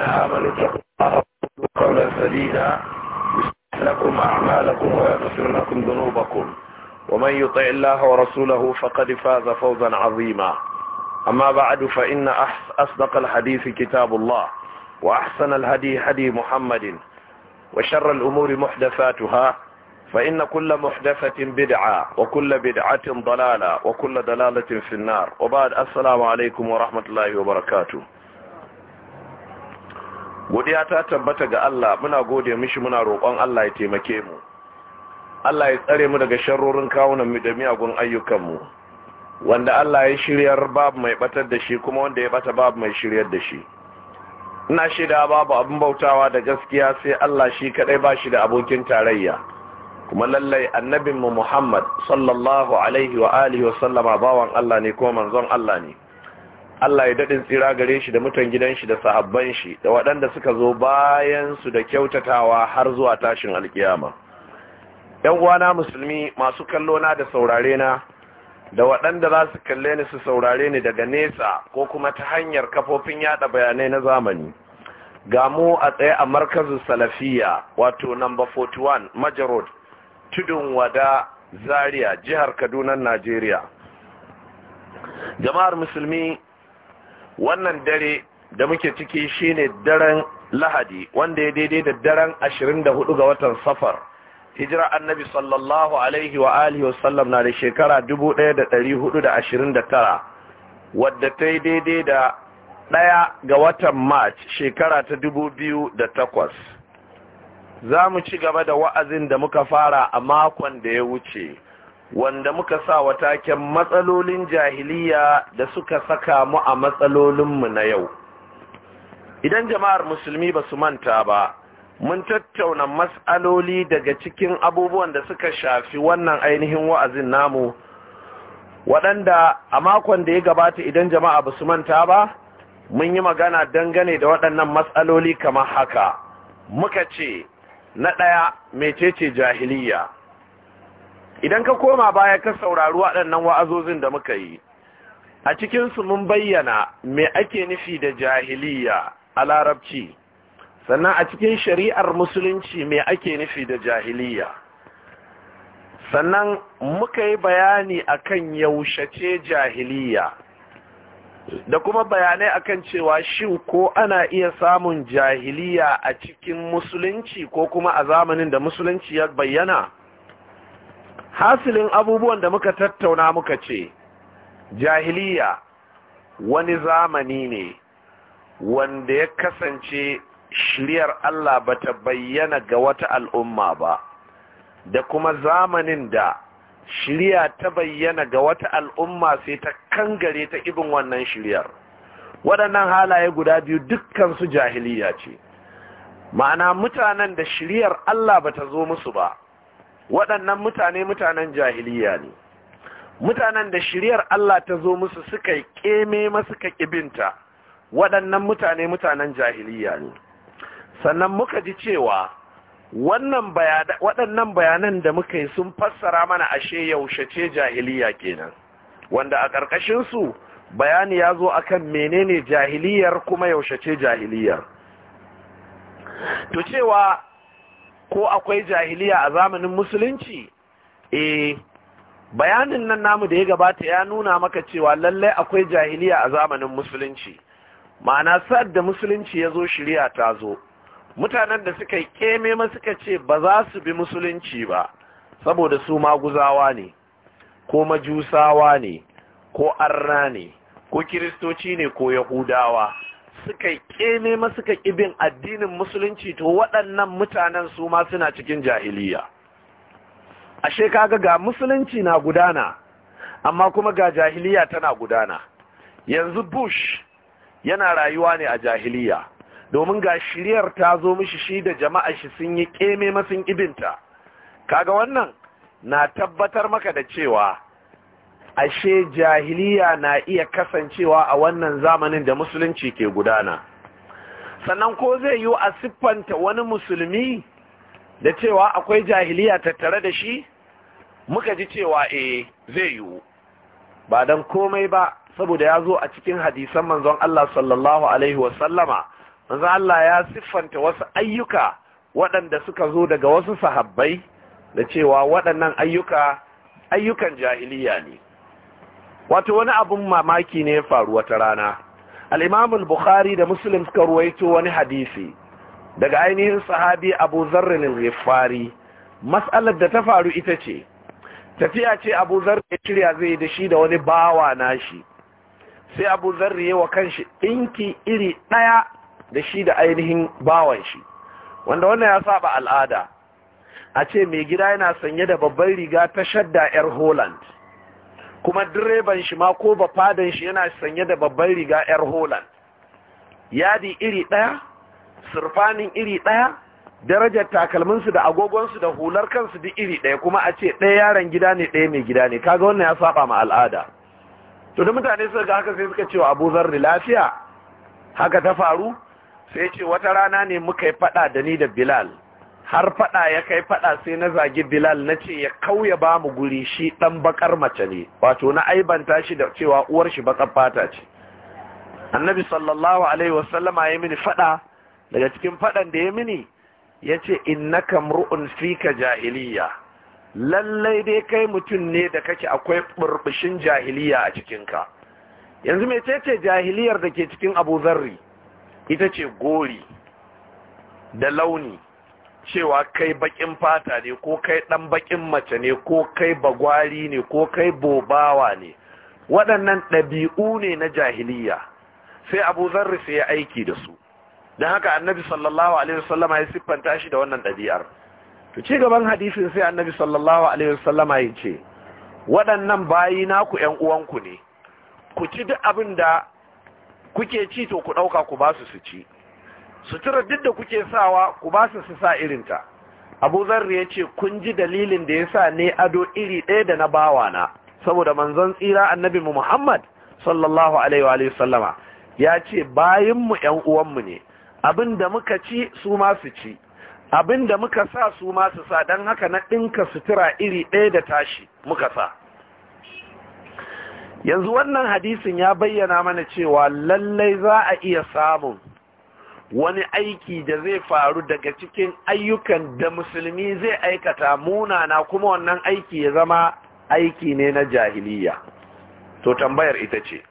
آمنوا اتقوا الله قولا سديدا لكم أعمالكم ويغفر لكم ذنوبكم ومن يطع الله ورسوله فقد فاز فوزا عظيما أما بعد فإن أصدق الحديث كتاب الله وأحسن الهدي هدي محمد وشر الأمور محدثاتها فإن كل محدثة بدعة وكل بدعة ضلالة وكل دلالة في النار وبعد السلام عليكم ورحمة الله وبركاته godiya ta tabbata ga Allah muna gode mishi muna roƙon Allah ya taimake mu Allah ya tsare mu daga sharrorin kawunan mu da miyagun ayyukan mu wanda Allah ya shiryar babu mai batar da shi kuma wanda ya bata babu mai shiryar da shi ina shaida babu abin bautawa da gaskiya sai Allah shi kadai ba shi da abokin tarayya kuma lallai annabinmu Muhammad sallallahu alaihi wa alihi wa sallama bawan Allah ne kuma manzon Allah ne Allah ya daɗin tsira gare shi da mutan gidan shi da sahabban shi da waɗanda suka zo bayan su da kyautatawa har zuwa tashin alkiyama. ‘Yan uwana musulmi masu kallo na da saurare na, da waɗanda za su kalle ni su saurare ni daga nesa ko kuma ta hanyar kafofin yaɗa bayanai na zamani. Ga mu a tsaye a markazin Salafiya, wato namba 41 Majarod, Tudun Wada, Zaria, jihar Kaduna, Najeriya. Jama'ar musulmi wannan dare da muke ciki shine daren lahadi wanda ya daidai da daren 24 ga watan safar hijira annabi sallallahu alaihi wa alihi wa sallam na da shekara 1429 wadda ta yi daidai da ɗaya ga watan march shekara ta 2008 za mu ci gaba da wa'azin da muka fara a makon da ya wuce wanda muka sa wa taken matsalolin jahiliya da suka saka mu a matsalolinmu na yau idan jama'ar musulmi ba su manta ba mun tattauna matsaloli daga cikin abubuwan da suka shafi wannan ainihin wa'azin namu waɗanda a makon da ya gabata idan jama'a ba su manta ba mun yi magana dangane da waɗannan matsaloli kamar haka muka ce na ɗaya mecece jahiliya idan ka koma baya ka saurari waɗannan wa'azozin da muka yi a cikinsu mun bayyana me ake nufi da jahiliya a larabci sannan a cikin shari'ar musulunci me ake nufi da jahiliya sannan muka yi bayani akan ce jahiliya da kuma bayanai akan cewa shin ko ana iya samun jahiliya a cikin musulunci ko kuma a zamanin da musulunci ya bayyana hasilin abubuwan da muka tattauna muka ce jahiliya wani zamani ne wanda ya kasance shiryar Allah ba ta bayyana ga wata al'umma ba da kuma zamanin da shirya ta bayyana ga wata al'umma sai ta kangare ta ibin wannan shiryar waɗannan halaye guda biyu dukkansu jahiliya ce ma'ana mutanen da shiryar Allah ba ta zo musu ba waɗannan mutane mutanen jahiliya ne mutanen da shiryar Allah ta zo musu suka yi keme masu ka waɗannan mutane mutanen jahiliya ne sannan muka ji cewa waɗannan bayanan da muka yi sun fassara mana ashe yaushe ce jahiliya kenan wanda a ƙarƙashinsu bayani ya zo a akan menene jahiliyar kuma yaushe ce jahiliyar to cewa ko akwai jahiliya a zamanin musulunci eh bayanin nan namu da ya gabata ya nuna maka cewa lallai akwai jahiliya a zamanin musulunci ma'ana sa'ad da musulunci ya zo shirya ta zo mutanen da suka yi keme ma suka ce ba za su bi musulunci ba saboda su maguzawa ne ko majusawa ne ko arna ne ko kiristoci ne ko yahudawa suka keme ma suka ibin addinin musulunci to waɗannan mutanen su ma suna cikin jahiliya ashe kaga ga musulunci na gudana amma kuma ga jahiliya tana gudana yanzu bush yana rayuwa ne a jahiliya domin ga shiryar ta zo mishi shi da jama'a shi sun yi keme masun ibinta kaga wannan na tabbatar maka da cewa ashe jahiliya na iya kasancewa a wannan zamanin da musulunci ke gudana sannan ko zai yi a siffanta wani musulmi da cewa akwai jahiliya tattare da shi muka ji cewa eh zai yi ba don komai ba saboda ya zo a cikin hadisan manzon Allah sallallahu alaihi wasallama manzon Allah ya siffanta wasu ayyuka waɗanda suka zo daga wasu sahabbai da cewa waɗannan ayyuka ayyukan jahiliya ne wato wani abun mamaki ne ya faru wata rana al'imamul bukhari da muslim suka ruwaito wani hadisi daga ainihin sahabi abu zarrin rifari matsalar da ta faru ita ce tafiya ce abu zarrin ya shirya zai da shi da wani bawa nashi sai abu zarrin ya wa kanshi ɗinki iri ɗaya da shi da ainihin bawan shi wanda wannan ya saba al'ada a ce mai gida yana sanye da babbar riga ta shadda 'yar holland kuma direban shi ma ko fadan shi yana sanye da babban riga yar holan yadi iri ɗaya surfanin iri ɗaya darajar takalminsu da agogonsu da hular kansu duk iri ɗaya kuma a ce ɗaya yaron gida ne ɗaya mai gida ne kaga wannan ya saba ma al'ada to da mutane suka ga haka sai suka ce wa Abu Zarri lafiya haka ta faru sai ce wata rana ne muka yi fada da ni da Bilal har fada ya kai fada sai na zagi bilal na ce ya kauya ba mu guri shi dan bakar mace ne wato na aibanta shi da cewa uwar shi bakar fata ce annabi sallallahu alaihi wasallama ya mini fada daga cikin fadan da ya mini ya ce innaka mru'un fika jahiliya lallai dai kai mutum ne da kake akwai burbushin jahiliya a cikin ka yanzu mai ce jahiliyar da ke cikin abu zarri ita ce gori da launi cewa kai bakin fata ne ko kai dan bakin mace ne ko kai bagwari ne ko kai bobawa ne waɗannan ɗabi'u ne na jahiliya sai abu zarri sai ya aiki da su don haka annabi sallallahu alaihi wasallam ya siffanta shi da wannan ɗabi'ar to ci gaban hadisin sai annabi sallallahu alaihi wasallam ya ce waɗannan bayi naku ƴan uwanku ne ku ci duk abin da kuke ci to ku ɗauka ku ba su su ci sutura duk da kuke sawa ku ba su su sa irinta abu zarri ya ce kun ji dalilin da ya sa ne ado iri ɗaya da na bawa na saboda manzon tsira annabi mu muhammad sallallahu alaihi wa sallama ya ce mu ‘yan uwanmu ne abin da muka ci su ma su ci abin da muka sa su ma su sa dan haka na ɗinka sutura iri ɗaya da tashi muka sa yanzu wannan hadisin ya bayyana mana cewa lallai za a iya samun wani aiki da zai faru daga cikin ayyukan da musulmi zai aikata munana kuma wannan aiki ya zama aiki ne na jahiliya to tambayar ita ce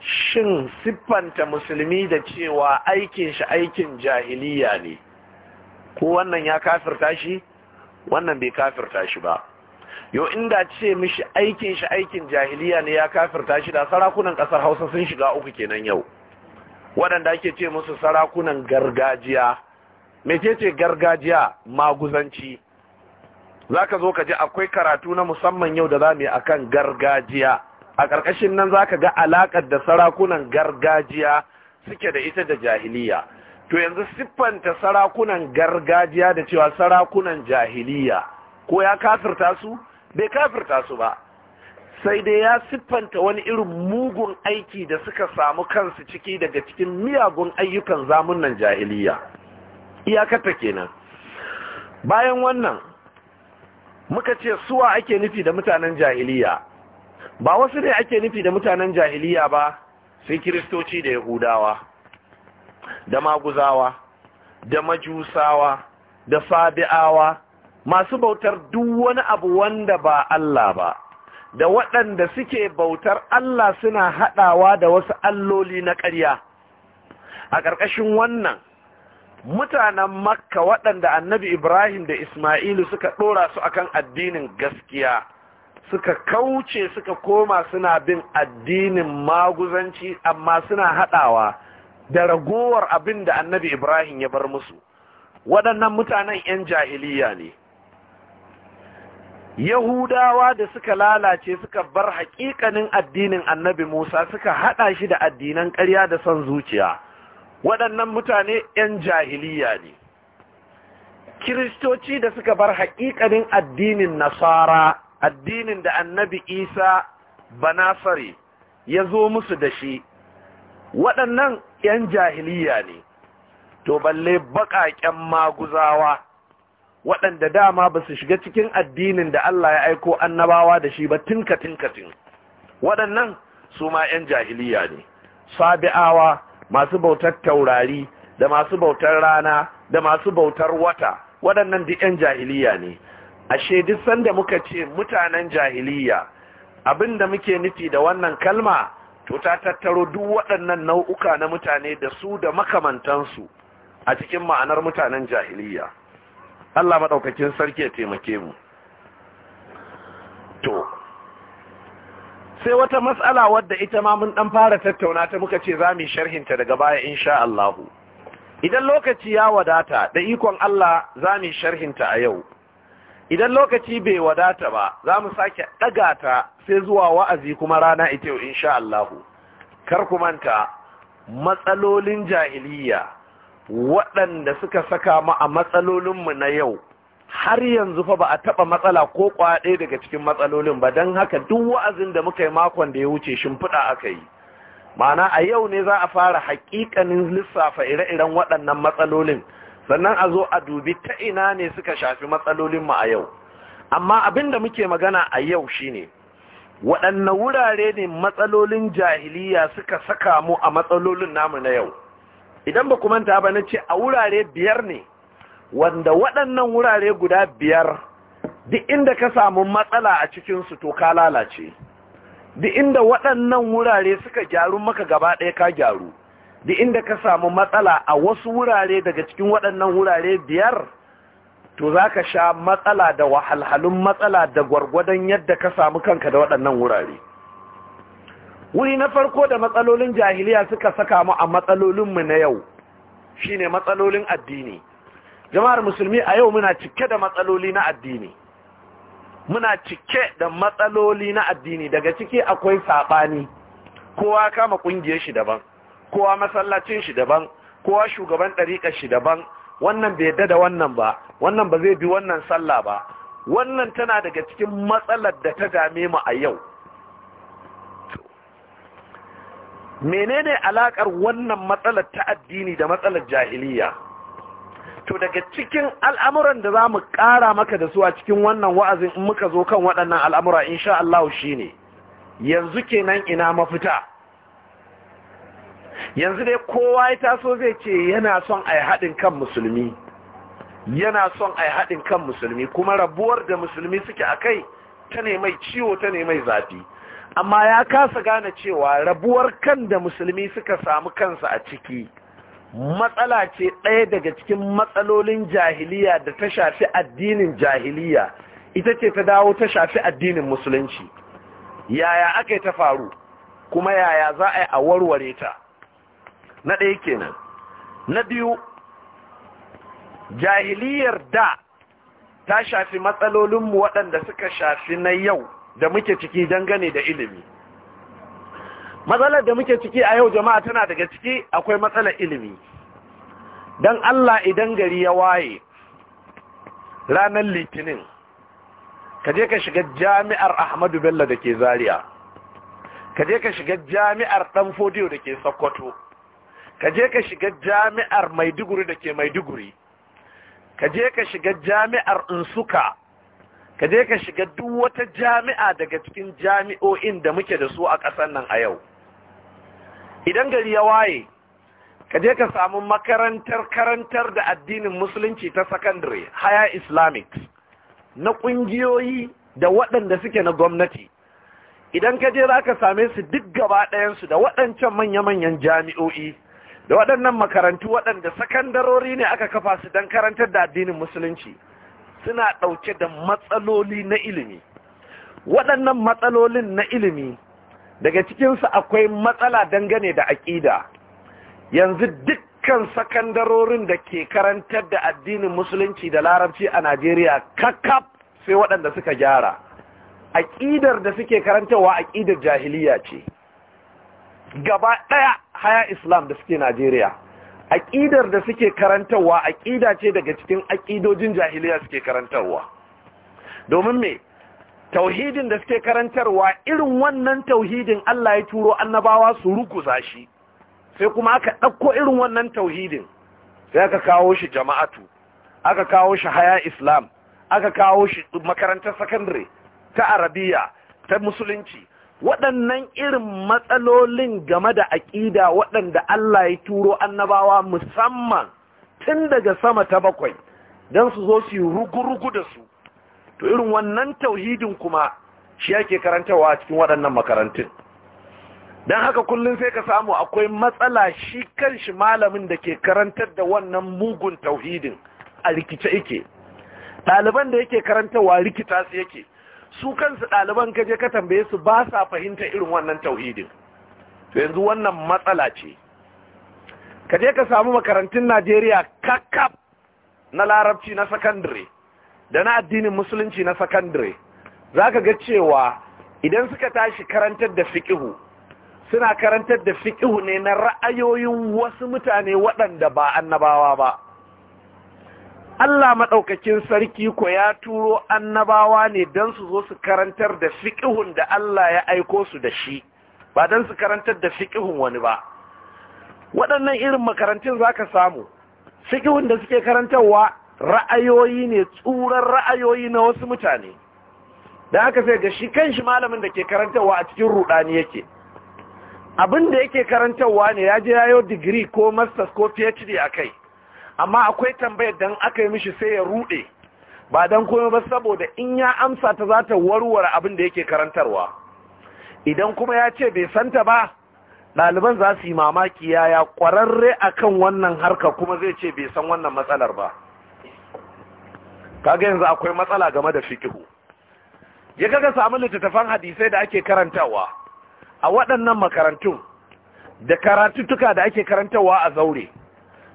shin siffanta musulmi da cewa aikin shi aikin jahiliya ne ko wannan ya kafirta shi wannan bai kafirta shi ba yo inda ce mishi aikin shi aikin jahiliya ne ya kafirta shi da sarakunan ƙasar hausa sun shiga uku kenan yau waɗanda ake ce musu sarakunan gargajiya ce gargajiya maguzanci za ka zo ka ji akwai karatu na musamman yau da za mu yi a kan gargajiya a ƙarƙashin nan za ka ga alaƙar da sarakunan gargajiya suke da ita da jahiliya to yanzu siffanta sarakunan gargajiya da cewa sarakunan jahiliya ko ya kafirta su bai kafirta su ba sai dai ya siffanta wani irin mugun aiki da suka samu kansu ciki daga cikin miyagun ayyukan zamunan jahiliya iyakata kenan bayan wannan muka ce suwa ake nufi da mutanen jahiliya ba wasu ne ake nufi da mutanen jahiliya ba sai kiristoci da yahudawa da maguzawa da majusawa da sabi'awa masu bautar duk wani abu wanda ba Allah ba da waɗanda suke bautar Allah suna haɗawa da wasu alloli na ƙarya a ƙarƙashin wannan mutanen makka waɗanda annabi ibrahim da ismailu suka ɗora su akan addinin gaskiya suka kauce suka koma suna bin addinin maguzanci amma suna haɗawa da ragowar abin da annabi ibrahim ya bar musu waɗannan mutanen 'yan jahiliya ne yahudawa da suka lalace suka bar haƙiƙanin addinin annabi musa suka haɗa shi da addinan ƙarya da son zuciya waɗannan mutane 'yan jahiliya ne kiristoci da suka bar haƙiƙanin addinin nasara addinin da annabi isa Banasari ya zo musu da shi waɗannan 'yan jahiliya ne to balle baƙaƙen maguzawa waɗanda dama ba su shiga cikin addinin da Allah ya aiko annabawa da shi ba tinka tinka tin waɗannan su ma 'yan jahiliya ne sabi'awa masu bautar taurari da masu bautar rana da masu bautar wata waɗannan duk 'yan jahiliya ne ashe duk sanda muka ce mutanen jahiliya abinda muke nufi da wannan kalma to ta tattaro duk waɗannan nau'uka na mutane da su da makamantansu a cikin ma'anar mutanen jahiliya Allah maɗaukakin sarki ya taimake mu to sai wata matsala wadda ita ma mun ɗan fara tattauna ta muka ce za mu sharhinta daga baya insha Allahu idan lokaci ya wadata da ikon Allah za mu sharhinta a yau idan lokaci bai wadata ba za mu sake ɗaga ta sai zuwa wa'azi kuma rana ita yau insha Allahu kar ku manta matsalolin jahiliya waɗanda suka saka mu a matsalolinmu na yau har yanzu fa ba a taɓa matsala ko kwaɗe daga cikin matsalolin ba don haka duk wa'azin da muka yi makon da ya wuce shimfiɗa aka yi Mana a yau ne za a fara haƙiƙanin lissafa ire-iren waɗannan matsalolin sannan a zo a dubi ta ina ne suka shafi matsalolinmu a yau amma abin da muke magana a yau shine waɗanne wurare ne matsalolin jahiliya suka saka mu a matsalolin namu na yau idan ba manta ba na ce a wurare biyar ne wanda waɗannan wurare guda biyar duk inda ka samu matsala a cikinsu to ka lalace duk inda waɗannan wurare suka gyaru maka gaba ɗaya ka gyaru duk inda ka samu matsala a wasu wurare daga cikin waɗannan wurare biyar to za ka sha matsala da wahalhalun matsala da gwargwadon yadda ka samu kanka da waɗannan wurare wuri na farko da matsalolin jahiliya suka saka mu a matsalolinmu na yau shine matsalolin addini jama'ar musulmi a yau muna cike da matsaloli na addini muna cike da matsaloli na addini daga ciki akwai saɓani kowa kama ƙungiyar shi daban kowa masallacin shi daban kowa shugaban dariƙa shi daban wannan bai yadda da wannan ba wannan ba zai bi wannan sallah ba wannan tana daga cikin matsalar da ta dame mu a yau menene alakar wannan matsalar ta addini da matsalar jahiliya to daga cikin al'amuran da zamu mu ƙara maka da su a cikin wannan wa'azin in muka zo kan waɗannan al'amura insha Allah shi ne yanzu kenan ina mafita yanzu dai kowa ya taso zai ce yana son a yi kan musulmi yana son a yi kan musulmi kuma rabuwar da musulmi suke a kai ta ne mai ciwo ta ne mai zafi amma ya kasa gane cewa rabuwar kan da musulmi suka samu kansa a ciki matsala ce ɗaya daga cikin matsalolin jahiliya da ta shafi addinin jahiliya ita ce ta dawo ta shafi addinin musulunci yaya aka yi ta faru kuma yaya za a yi a warware ta na ɗaya kenan na biyu jahiliyar da ta shafi matsalolinmu waɗanda suka shafi na yau da muke ciki dangane da ilimi matsalar da muke ciki a yau jama'a tana daga ciki akwai matsalar ilimi don Allah idan gari ya waye ranar litinin ka je ka shiga jami'ar Ahmadu Bello da ke Zariya. ka je ka shiga jami'ar Danfodiyo da ke Sokoto ka je ka shiga jami'ar Maiduguri da ke Maiduguri ka je ka shiga jami'ar Nsuka ka je ka shiga duk wata jami'a daga cikin jami'o'in da muke da su a ƙasar nan a yau idan gari ya waye ka je ka samu makarantar karantar da addinin musulunci ta secondary haya islamic na ƙungiyoyi da waɗanda suke na gwamnati idan ka je za ka same su duk gaba ɗayansu da waɗancan manya-manyan jami'o'i da waɗannan makarantu waɗanda sakandarori ne aka kafa su don karantar da addinin musulunci suna ɗauke da matsaloli na ilimi waɗannan matsalolin na ilimi daga cikinsu akwai matsala dangane da aƙida yanzu dukkan sakandarorin da ke karantar da addinin musulunci da larabci a najeriya kakaf sai waɗanda suka gyara aƙidar da suke karantarwa aƙidar jahiliya ce gaba ɗaya haya islam da suke najeriya aƙidar da suke karantarwa aƙida ce daga cikin aƙidojin jahiliya suke karantarwa domin me tauhidin da suke karantarwa irin wannan tauhidin Allah ya turo annabawa su rukuza shi sai kuma aka ɗauko irin wannan tauhidin sai aka kawo shi jama'atu aka kawo shi haya islam aka kawo shi makarantar sakandare ta arabiya ta musulunci waɗannan irin matsalolin game da aƙida waɗanda Allah ya turo annabawa musamman tun daga sama ta bakwai don su zo su yi rugu da su to irin wannan tauhidin kuma shi yake karantawa cikin waɗannan makarantun don haka kullum sai ka samu akwai matsala shi kan shi malamin da ke karantar da wannan mugun tauhidin a rikice yake ɗaliban da yake karantawa rikita su yake su kansu ɗaliban ka je ka tambaye su ba sa fahimta irin wannan tauhidin to yanzu wannan matsala ce ka je ka samu makarantun Najeriya kakkaf na larabci na sakandare da na addinin musulunci na sakandare za ka ga cewa idan suka tashi karantar da fiƙihu suna karantar da fiƙihu ne na ra'ayoyin wasu mutane waɗanda ba annabawa ba Allah maɗaukakin sarki ko ya turo annabawa ne don su zo su karantar da fiƙihun da Allah ya aiko su da shi, ba don su karantar da fiƙihun wani ba. Waɗannan irin makarantun za ka samu, fiƙihun da suke karantarwa ra'ayoyi ne, tsuran ra'ayoyi na wasu mutane. Da haka sai ga shi kan shi malamin da ke karantarwa a cikin ruɗani yake. Abin da yake karantarwa ne ya je yayo digiri ko masters ko PhD a kai. amma akwai tambayar dan aka yi mishi sai ya rude ba dan komai ba saboda in ya amsa ta za ta warware abin da yake karantarwa idan kuma ya ce bai santa ba ɗaliban za su yi mamaki ya ƙwararre akan wannan harka kuma zai ce bai san wannan matsalar ba kaga yanzu akwai matsala game da fikihu ya kaga samu littattafan hadisai da ake karantawa a waɗannan makarantun da karatuttuka da ake karantawa a zaure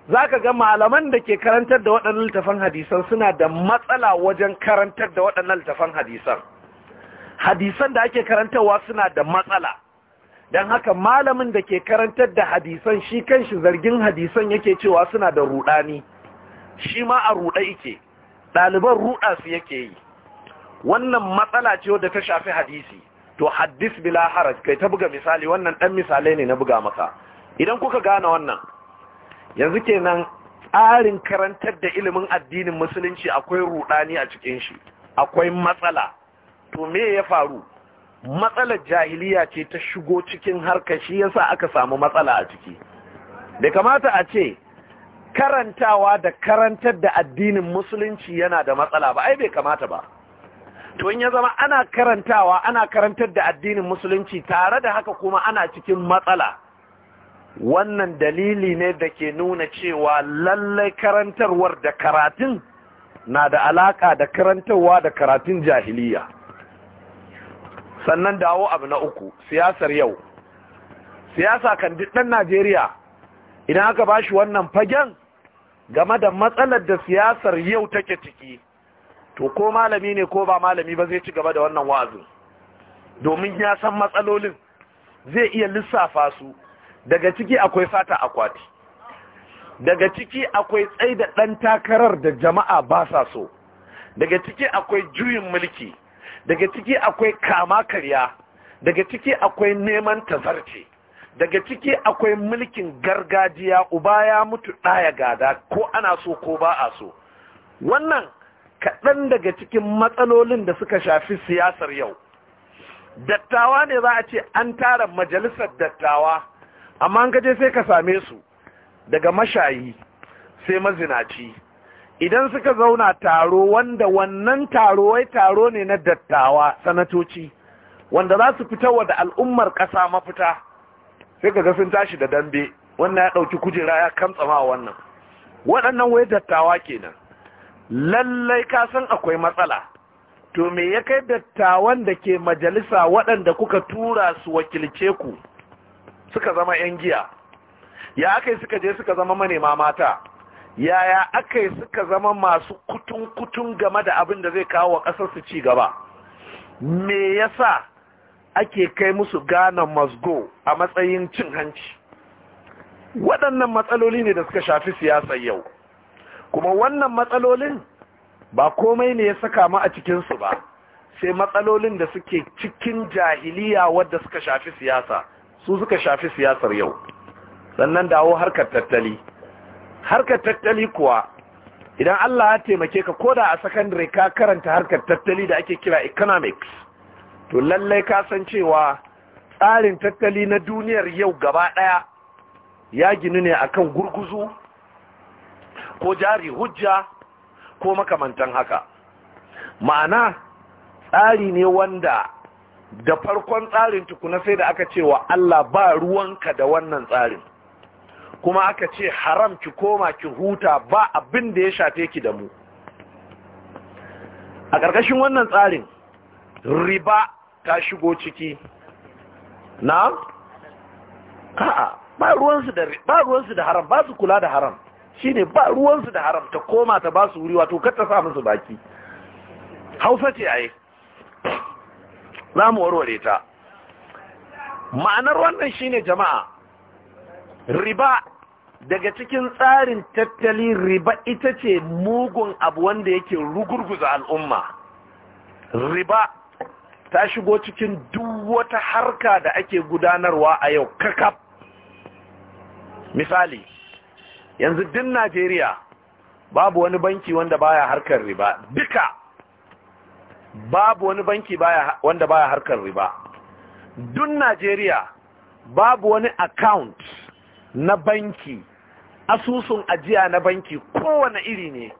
za ka ga malaman da ke karantar da waɗannan littafan hadisan suna da matsala wajen karantar da waɗannan littafan hadisan hadisan da ake karantarwa suna da matsala don haka malamin da ke karantar da hadisan shi kanshi zargin hadisan yake cewa suna da ruɗani? shi ma a ruɗa yake ɗaliban ruɗa su yake yi wannan matsala ce wadda ta shafi hadisi to haddis bila haraj kai ta buga misali wannan ɗan misalai ne na buga maka idan kuka gane wannan yanzu kenan tsarin karantar da ilimin addinin musulunci akwai rudani a cikin shi akwai matsala to me ya faru matsalar jahiliya ce ta shigo cikin harka shi yasa aka samu matsala a ciki bai kamata a ce karantawa da karantar da addinin musulunci yana da matsala ba ai bai kamata ba to in ya zama ana karantawa ana karantar da addinin musulunci tare da haka kuma ana cikin matsala wannan dalili ne da ke nuna cewa lallai karantarwar da karatun na da alaƙa da karantarwa da karatun jahiliya sannan dawo abu na uku siyasar yau siyasa kan duk ɗan najeriya idan aka bashi wannan fagen game da matsalar da siyasar yau take ciki to ko malami ne ko ba malami ba zai ci gaba da wannan wazin domin ya san matsalolin zai iya lissafa su daga ciki akwai sata akwati daga ciki akwai tsai da ɗan takarar da jama'a ba sa so daga ciki akwai juyin mulki daga ciki akwai kama karya daga ciki akwai neman tazarce daga ciki akwai mulkin gargajiya uba ya mutu ɗaya gada ko ana so ko ba a so wannan kaɗan daga cikin matsalolin da suka shafi siyasar yau dattawa ne za a ce an tara majalisar dattawa amma an kaje sai ka same su daga mashayi sai mazinaci idan suka zauna taro wanda wannan taro wai taro ne na dattawa sanatoci wanda za su fita wa da al'ummar ƙasa mafita sai ka ga sun tashi da dambe wannan ya ɗauki kujera ya kamtsama wannan waɗannan wai dattawa kenan lallai ka san akwai matsala to me ya kai dattawan da ke majalisa waɗanda kuka tura su wakilce ku suka zama 'yan giya ya aka suka je suka zama manema mata yaya aka suka zama masu kutun-kutun game da abin da zai kawo wa ƙasarsu ci gaba me yasa ake kai musu gana masgo a matsayin cin hanci waɗannan matsaloli ne da suka shafi siyasa yau kuma wannan matsalolin ba komai ne ya saka mu a cikinsu ba sai matsalolin da suke cikin jahiliya wadda suka shafi siyasa su suka shafi siyasar yau sannan dawo harkar tattali harkar tattali kuwa idan Allah ya taimake ka koda a secondary ka karanta harkar tattali da ake kira economics to lallai ka san cewa tsarin tattali na duniyar yau gaba daya ya ginu ne akan gurguzu ko jari hujja ko makamantan haka ma'ana tsari ne wanda da farkon tsarin tukuna sai da aka ce wa Allah ba ruwanka da wannan tsarin kuma aka ce haram ki koma ki huta ba abin da ya shafe ki da mu a ƙarƙashin wannan tsarin riba ta shigo ciki na? a'a ba ruwansu da haram ba su kula da haram shi ne ba ruwansu da haram ta koma ta ba su wuri wato kata sa musu baki hausa ce a yi za mu warware ta ma'anar wannan shine jama'a riba daga cikin tsarin tattalin riba ita ce mugun abu wanda yake rugurguza al'umma riba ta shigo cikin duk wata harka da ake gudanarwa a yau kakaf misali yanzu din najeriya babu wani banki wanda baya harkar riba duka babu wani banki baya wanda baya harkar riba duk Najeriya babu wani account na banki asusun ajiya na banki kowane iri ne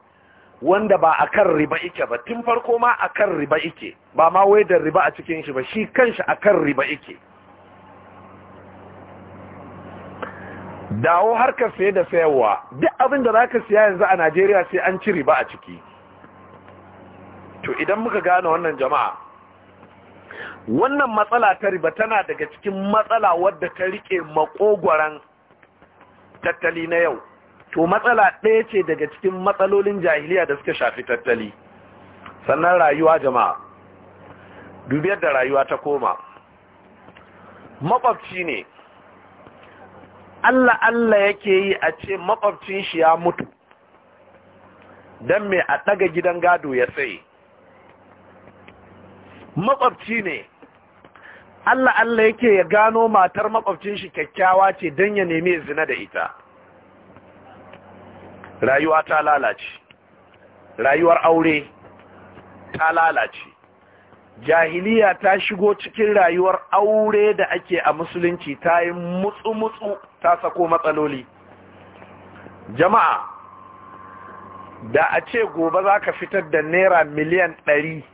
wanda ba akan riba ike ba tun farko ma akan riba ike ba ma wai da riba a cikin shi ba shi kanshi akan riba ike dawo harkar saye da sayarwa duk abin da ka siya yanzu a Najeriya sai an ci riba a ciki to idan muka gane wannan jama'a wannan matsala ta riba tana daga cikin matsala wadda ta rike makogwaran tattali na yau to matsala ɗaya ce daga cikin matsalolin jahiliya da suka shafi tattali sannan rayuwa jama'a dubiyar da rayuwa ta koma makwabci ne Allah Allah yake yi a ce makwabcin shi ya mutu don mai a ɗaga gidan gado ya tsaye makwabci ne Allah Allah yake ya gano matar makwabcin shi kyakkyawa ce don ya nemi zina da ita rayuwa ta lalace rayuwar aure ta lalace jahiliya ta shigo cikin rayuwar aure da ake a musulunci ta yi mutsu-mutsu ta sako matsaloli jama'a da a ce gobe za ka fitar da naira miliyan ɗari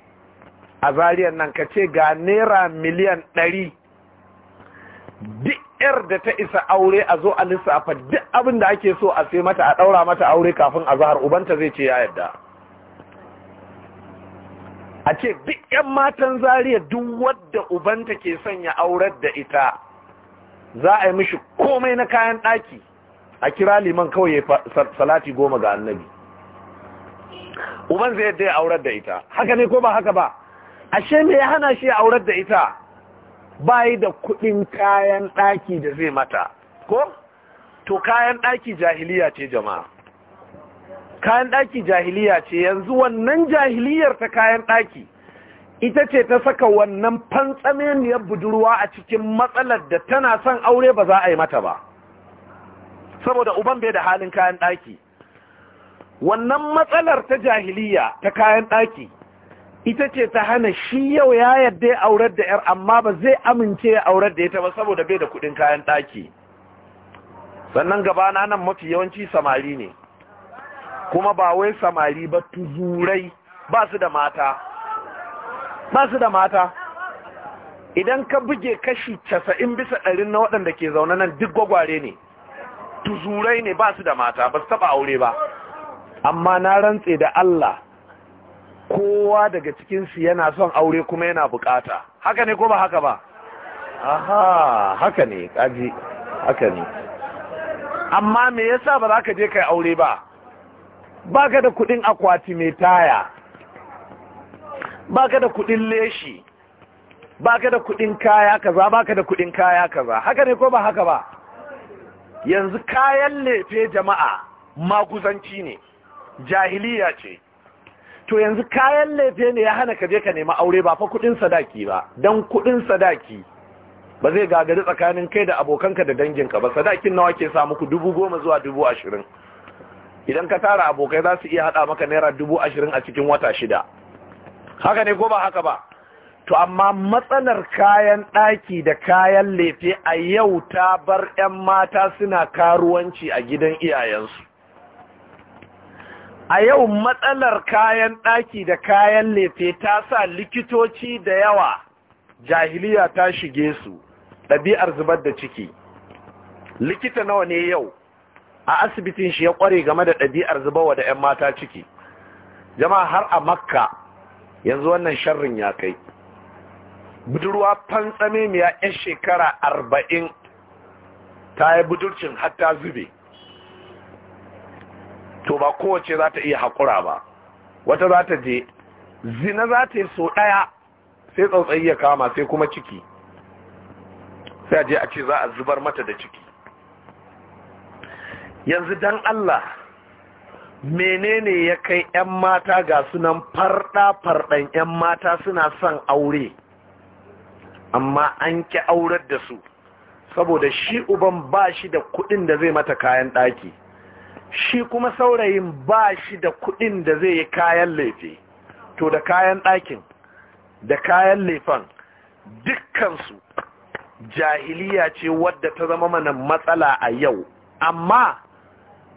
a zariyar nan ka ce ga naira miliyan ɗari duk da ta isa aure a zo a lissafa duk abin da ake so a sai mata a ɗaura mata aure kafin a zahar ubanta zai ce ya yadda a ce duk yan matan zariya duk wadda ubanta ke sanya aurar da ita za a yi mishi komai na kayan ɗaki a kira liman kawai ya salati goma ga annabi uban zai yadda ya aurar da ita haka ne ko ba haka ba ashe me ya hana shi aurar da ita bayi da kudin kayan daki da zai mata ko to kayan daki jahiliya ce jama'a kayan daki jahiliya ce yanzu wannan jahiliyar ta kayan daki ita ce ta saka wannan fantsameniyar budurwa a cikin matsalar da tana son aure ba za a yi mata ba saboda uban bai da halin kayan daki wannan matsalar ta jahiliya ta kayan daki ita ce ta hana shi yau ya yarda ya aurar da ‘yar amma ba zai amince ya aurar da ita ba saboda bai da kudin kayan ɗaki sannan gabana nan mafi yawanci samari ne kuma ba wai samari ba tuzurai ba su da mata ba su da mata idan ka buge kashi casa'in bisa ɗarin na waɗanda ke zaune nan duk gwagware ne tuzurai ne ba su da mata ba su taɓa aure ba amma na rantse da Allah kowa daga cikinsu yana son aure kuma yana bukata haka ne ko ba haka ba aha haka ne kaji haka ne amma me yasa ba za ka je kai aure ba ba ka da kudin akwati mai taya ba ka da kudin leshi ba ka da kudin kaya kaza ba ka da kudin kaya kaza haka ne ko ba haka ba yanzu kayan lefe jama'a maguzanci ne jahiliya ce to yanzu kayan lefe ne ya hana ka je ka nemi aure ba fa kudin sadaki ba dan kudin sadaki ba zai gagari tsakanin kai da abokanka da danginka ba sadakin nawa ke samu ku dubu goma zuwa dubu ashirin idan ka tara abokai za su iya hada maka naira dubu ashirin a cikin wata shida haka ne ko ba haka ba to amma matsalar kayan ɗaki da kayan lefe a yau ta bar 'yan mata suna karuwanci a gidan iyayensu a yau matsalar kayan ɗaki da kayan lefe ta sa likitoci da yawa jahiliya ta shige su ɗabi'ar zubar da ciki likita nawa ne yau a asibitin shi ya ƙware game da ɗabi'ar zubarwa da 'yan mata ciki Jama har a makka yanzu wannan sharrin ya kai budurwa fantsame miya 'yan shekara arba'in ta yi budurcin hatta zube to ba kowace za ta iya haƙura ba wata za ta je zina za ta yi so ɗaya sai tsautsayi ya kama sai kuma ciki sai je a ce za a zubar mata da ciki yanzu don Allah menene ya kai 'yan mata ga sunan farɗa-farɗan 'yan mata suna son aure amma an ƙi aurar da su saboda shi uban ba shi da kuɗin da zai mata kayan ɗaki shi kuma saurayin ba shi da kudin da zai yi kayan laifi to da kayan ɗakin da kayan laifan dukkansu jahiliya ce wadda ta zama mana matsala a yau amma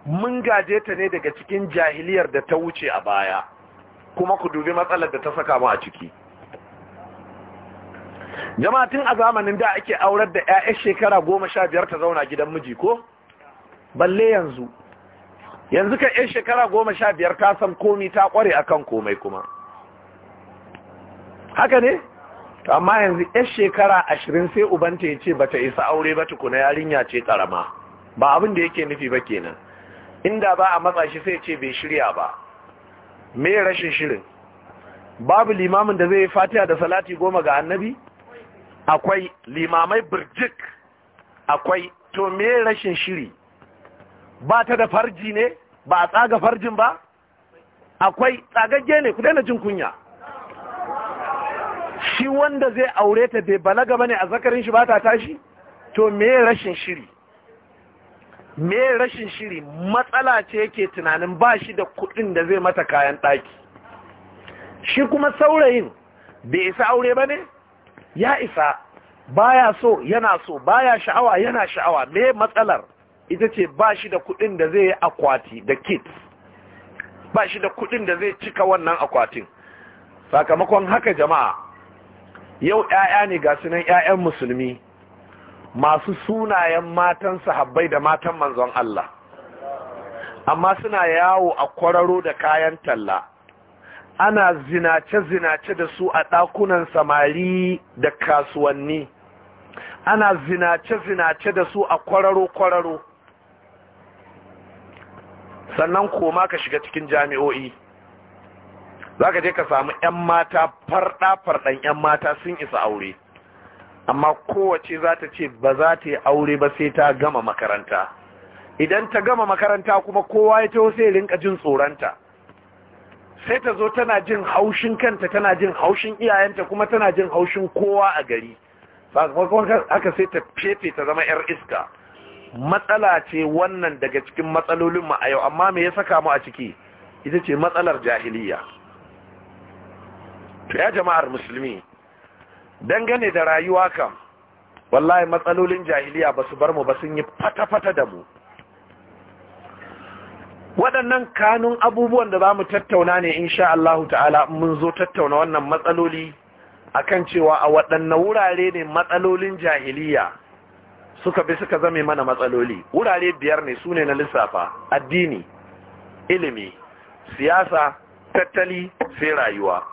mun gaje ta ne daga cikin jahiliyar da ta wuce a baya kuma ku dubi matsalar da ta saka mu a ciki tun a zamanin da ake aurar da 'ya'yan shekara goma sha biyar ta zauna gidan miji ko balle yanzu yanzu ka yan shekara goma sha biyar ka san komi ta kware akan komai kuma haka ne amma yanzu yan shekara ashirin sai ubanta ya ce bata isa aure ba tukuna yarinya ce karama ba abin da yake nufi ba kenan inda ba a matsa shi sai ce bai shirya ba me rashin shirin babu limamin da zai fatiha da salati goma ga annabi akwai limamai birjik akwai to me rashin shiri ba ta da farji ne ba a tsaga farjin ba akwai tsagagge ne ku daina jin kunya shi wanda zai aure ta bai balaga bane a zakarin shi ba ta tashi to me rashin shiri me rashin shiri matsala ce yake tunanin ba shi da kudin da zai mata kayan ɗaki shi kuma saurayin bai isa aure bane ya isa baya so yana so baya sha'awa yana sha'awa me matsalar ita ce ba shi da kudin da zai yi akwati da kit ba shi da kudin da zai cika wannan akwatin sakamakon haka jama'a yau 'ya'ya ne ga sunan 'ya'yan musulmi masu sunayen matan sahabbai da matan manzon Allah amma suna yawo a kwararo da kayan talla ana zinace-zinace da su a ɗakunan samari da kasuwanni ana zinace-zinace da su a kwararo-kwararo sannan koma ka shiga cikin jami'o'i za ka je ka samu 'yan mata farɗa-farɗan 'yan mata sun isa aure amma kowace za ta ce ba za ta yi aure ba sai ta gama makaranta idan ta gama makaranta kuma kowa ya taho sai rinka jin tsoronta sai ta zo tana jin haushin kanta tana jin haushin iyayenta kuma tana jin haushin kowa a gari sakamakon haka sai ta fefe ta zama 'yar iska matsala ce wannan daga cikin matsalolin mu a yau amma me ya saka mu a ciki ita ce matsalar jahiliya to ya jama'ar musulmi dangane da rayuwa kam wallahi matsalolin jahiliya ba su bar mu ba sun yi fata-fata da mu waɗannan kanun abubuwan da za mu tattauna ne sha Allah ta'ala mun zo tattauna wannan matsaloli akan cewa a waɗanne wurare ne matsalolin jahiliya suka bi suka zame mana matsaloli wurare biyar ne sune na lissafa addini ilimi siyasa tattali sai rayuwa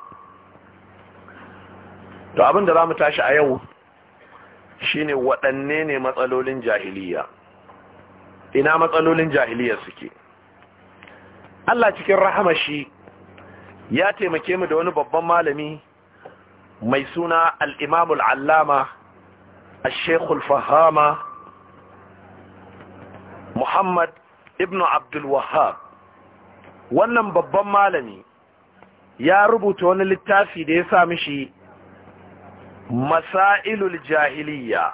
to abin da za mu tashi a yau shine waɗanne ne matsalolin jahiliya ina matsalolin jahiliya suke Allah cikin shi ya taimake mu da wani babban malami mai suna al-Imam al الشيخ الفهامة محمد ابن عبد الوهاب wannan babban malami ya rubuta wani littafi da ya sa mishi masailul jahiliya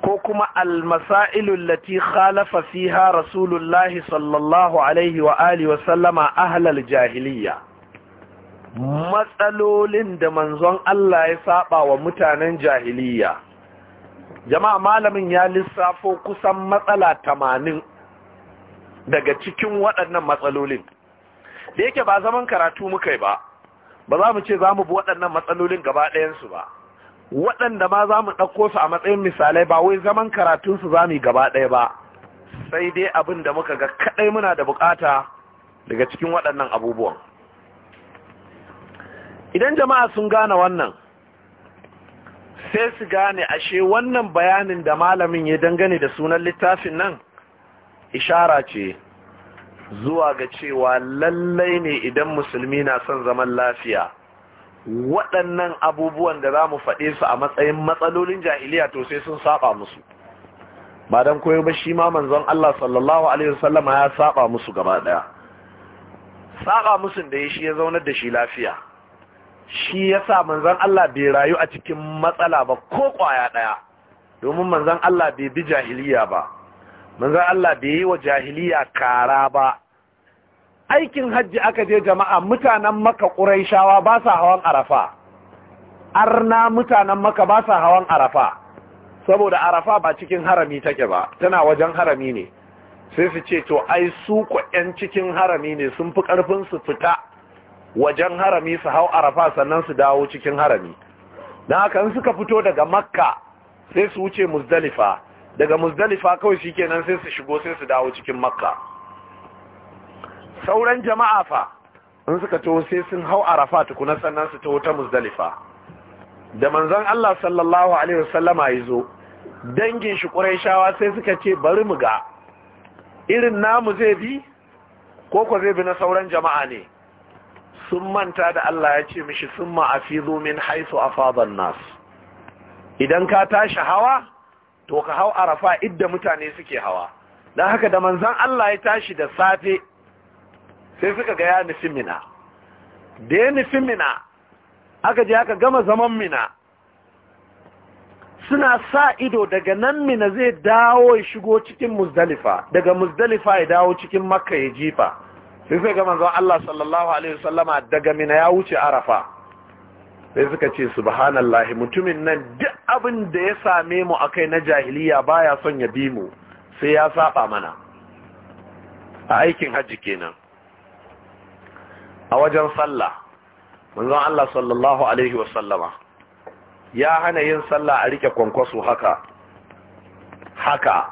ko kuma almasailul lati khalafa fiha rasulullahi sallallahu alaihi wa alihi wa sallama ahlal jahiliya matsalolin da manzon Allah ya saba wa mutanen jahiliya jama'a malamin ya lissafo kusan matsala tamanin daga cikin waɗannan matsalolin da yake ba zaman karatu muka yi ba ba za mu ce za mu bi waɗannan matsalolin gaba ɗayansu ba waɗanda ma za mu ɗauko su a matsayin misalai ba wai zaman karatunsu za mu yi gaba ɗaya ba sai dai abin da muka ga kaɗai muna da buƙata daga cikin waɗannan abubuwan idan jama'a sun gane wannan sai su gane ashe wannan bayanin da malamin ya dangane da sunan littafin nan ishara ce zuwa ga cewa lallai ne idan musulmi na son zaman lafiya waɗannan abubuwan da za mu faɗe su a matsayin matsalolin jahiliya to sai sun saba musu ba don koyo ba shi ma manzon Allah sallallahu alaihi wasallama ya saba musu gaba ɗaya saba musun da ya shi ya zaunar da shi lafiya shi yasa manzon Allah bai rayu a cikin matsala ba ko kwaya ɗaya domin manzon Allah bai bi jahiliya ba manzon Allah bai yi wa jahiliya kara ba aikin hajji aka je jama'a mutanen maka ƙuraishawa ba sa hawan arafa arna mutanen maka ba sa hawan arafa saboda arafa ba cikin harami take ba tana wajen harami ne sai su ce to ai su ku cikin harami ne sun fi ƙarfin su fita wajen harami su hau arafa sannan su dawo cikin harami na haka suka fito daga makka sai su wuce muzdalifa daga muzdalifa kawai shi kenan sai su shigo sai su dawo cikin makka sauran jama'a fa in suka to sai sun hau arafa tukuna sannan su taho ta muzdalifa da manzon Allah sallallahu alaihi wasallama dangin shi quraishawa sai suka ce bari mu ga irin namu zai bi ko ko zai bi na sauran jama'a ne sun manta da Allah ya ce mishi sun ma'afi zomin haisu a fadon nasu. idan ka tashi hawa to ka hau arafa idda mutane suke hawa don haka da manzan Allah ya tashi da safe sai suka ga ya nufi mina da ya nufi mina aka ji aka gama zaman mina suna sa ido daga nan mina zai dawo ya shigo cikin muzdalifa daga muzdalifa ya dawo cikin makka ya jifa sai sai ga manzon Allah sallallahu alaihi wasallama daga mina ya wuce arafa sai suka ce subhanallahi mutumin nan duk abin da ya same mu akai na jahiliya baya son ya bi mu sai ya saba mana a aikin hajji kenan a wajen sallah manzon Allah sallallahu alaihi wasallama ya hana yin sallah a rike kwankwaso haka haka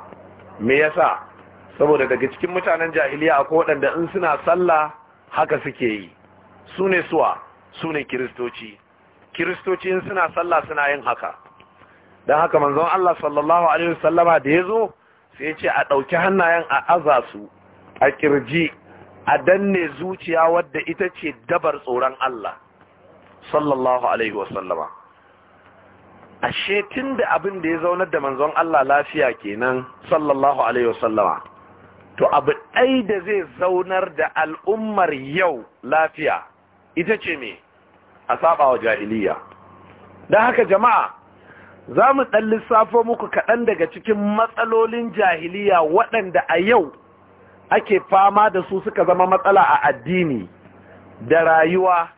me yasa saboda daga cikin mutanen jahiliya akwai waɗanda in suna sallah haka suke yi su ne suwa su ne kiristoci kiristoci in suna sallah suna yin haka don haka manzon Allah sallallahu alaihi wasallama da ya zo sai ce a ɗauki hannayen a aza su a ƙirji a danne zuciya wadda ita ce dabar tsoron Allah sallallahu alaihi wasallama ashe tun da abin da ya zaunar da manzon Allah lafiya kenan sallallahu alaihi wasallama to abu ɗai da zai zaunar da al'ummar yau lafiya ita ce me a saba wa jahiliya don haka jama'a za mu ɗan lissafo muku kaɗan daga cikin matsalolin jahiliya waɗanda a yau ake fama da su suka zama matsala a addini da rayuwa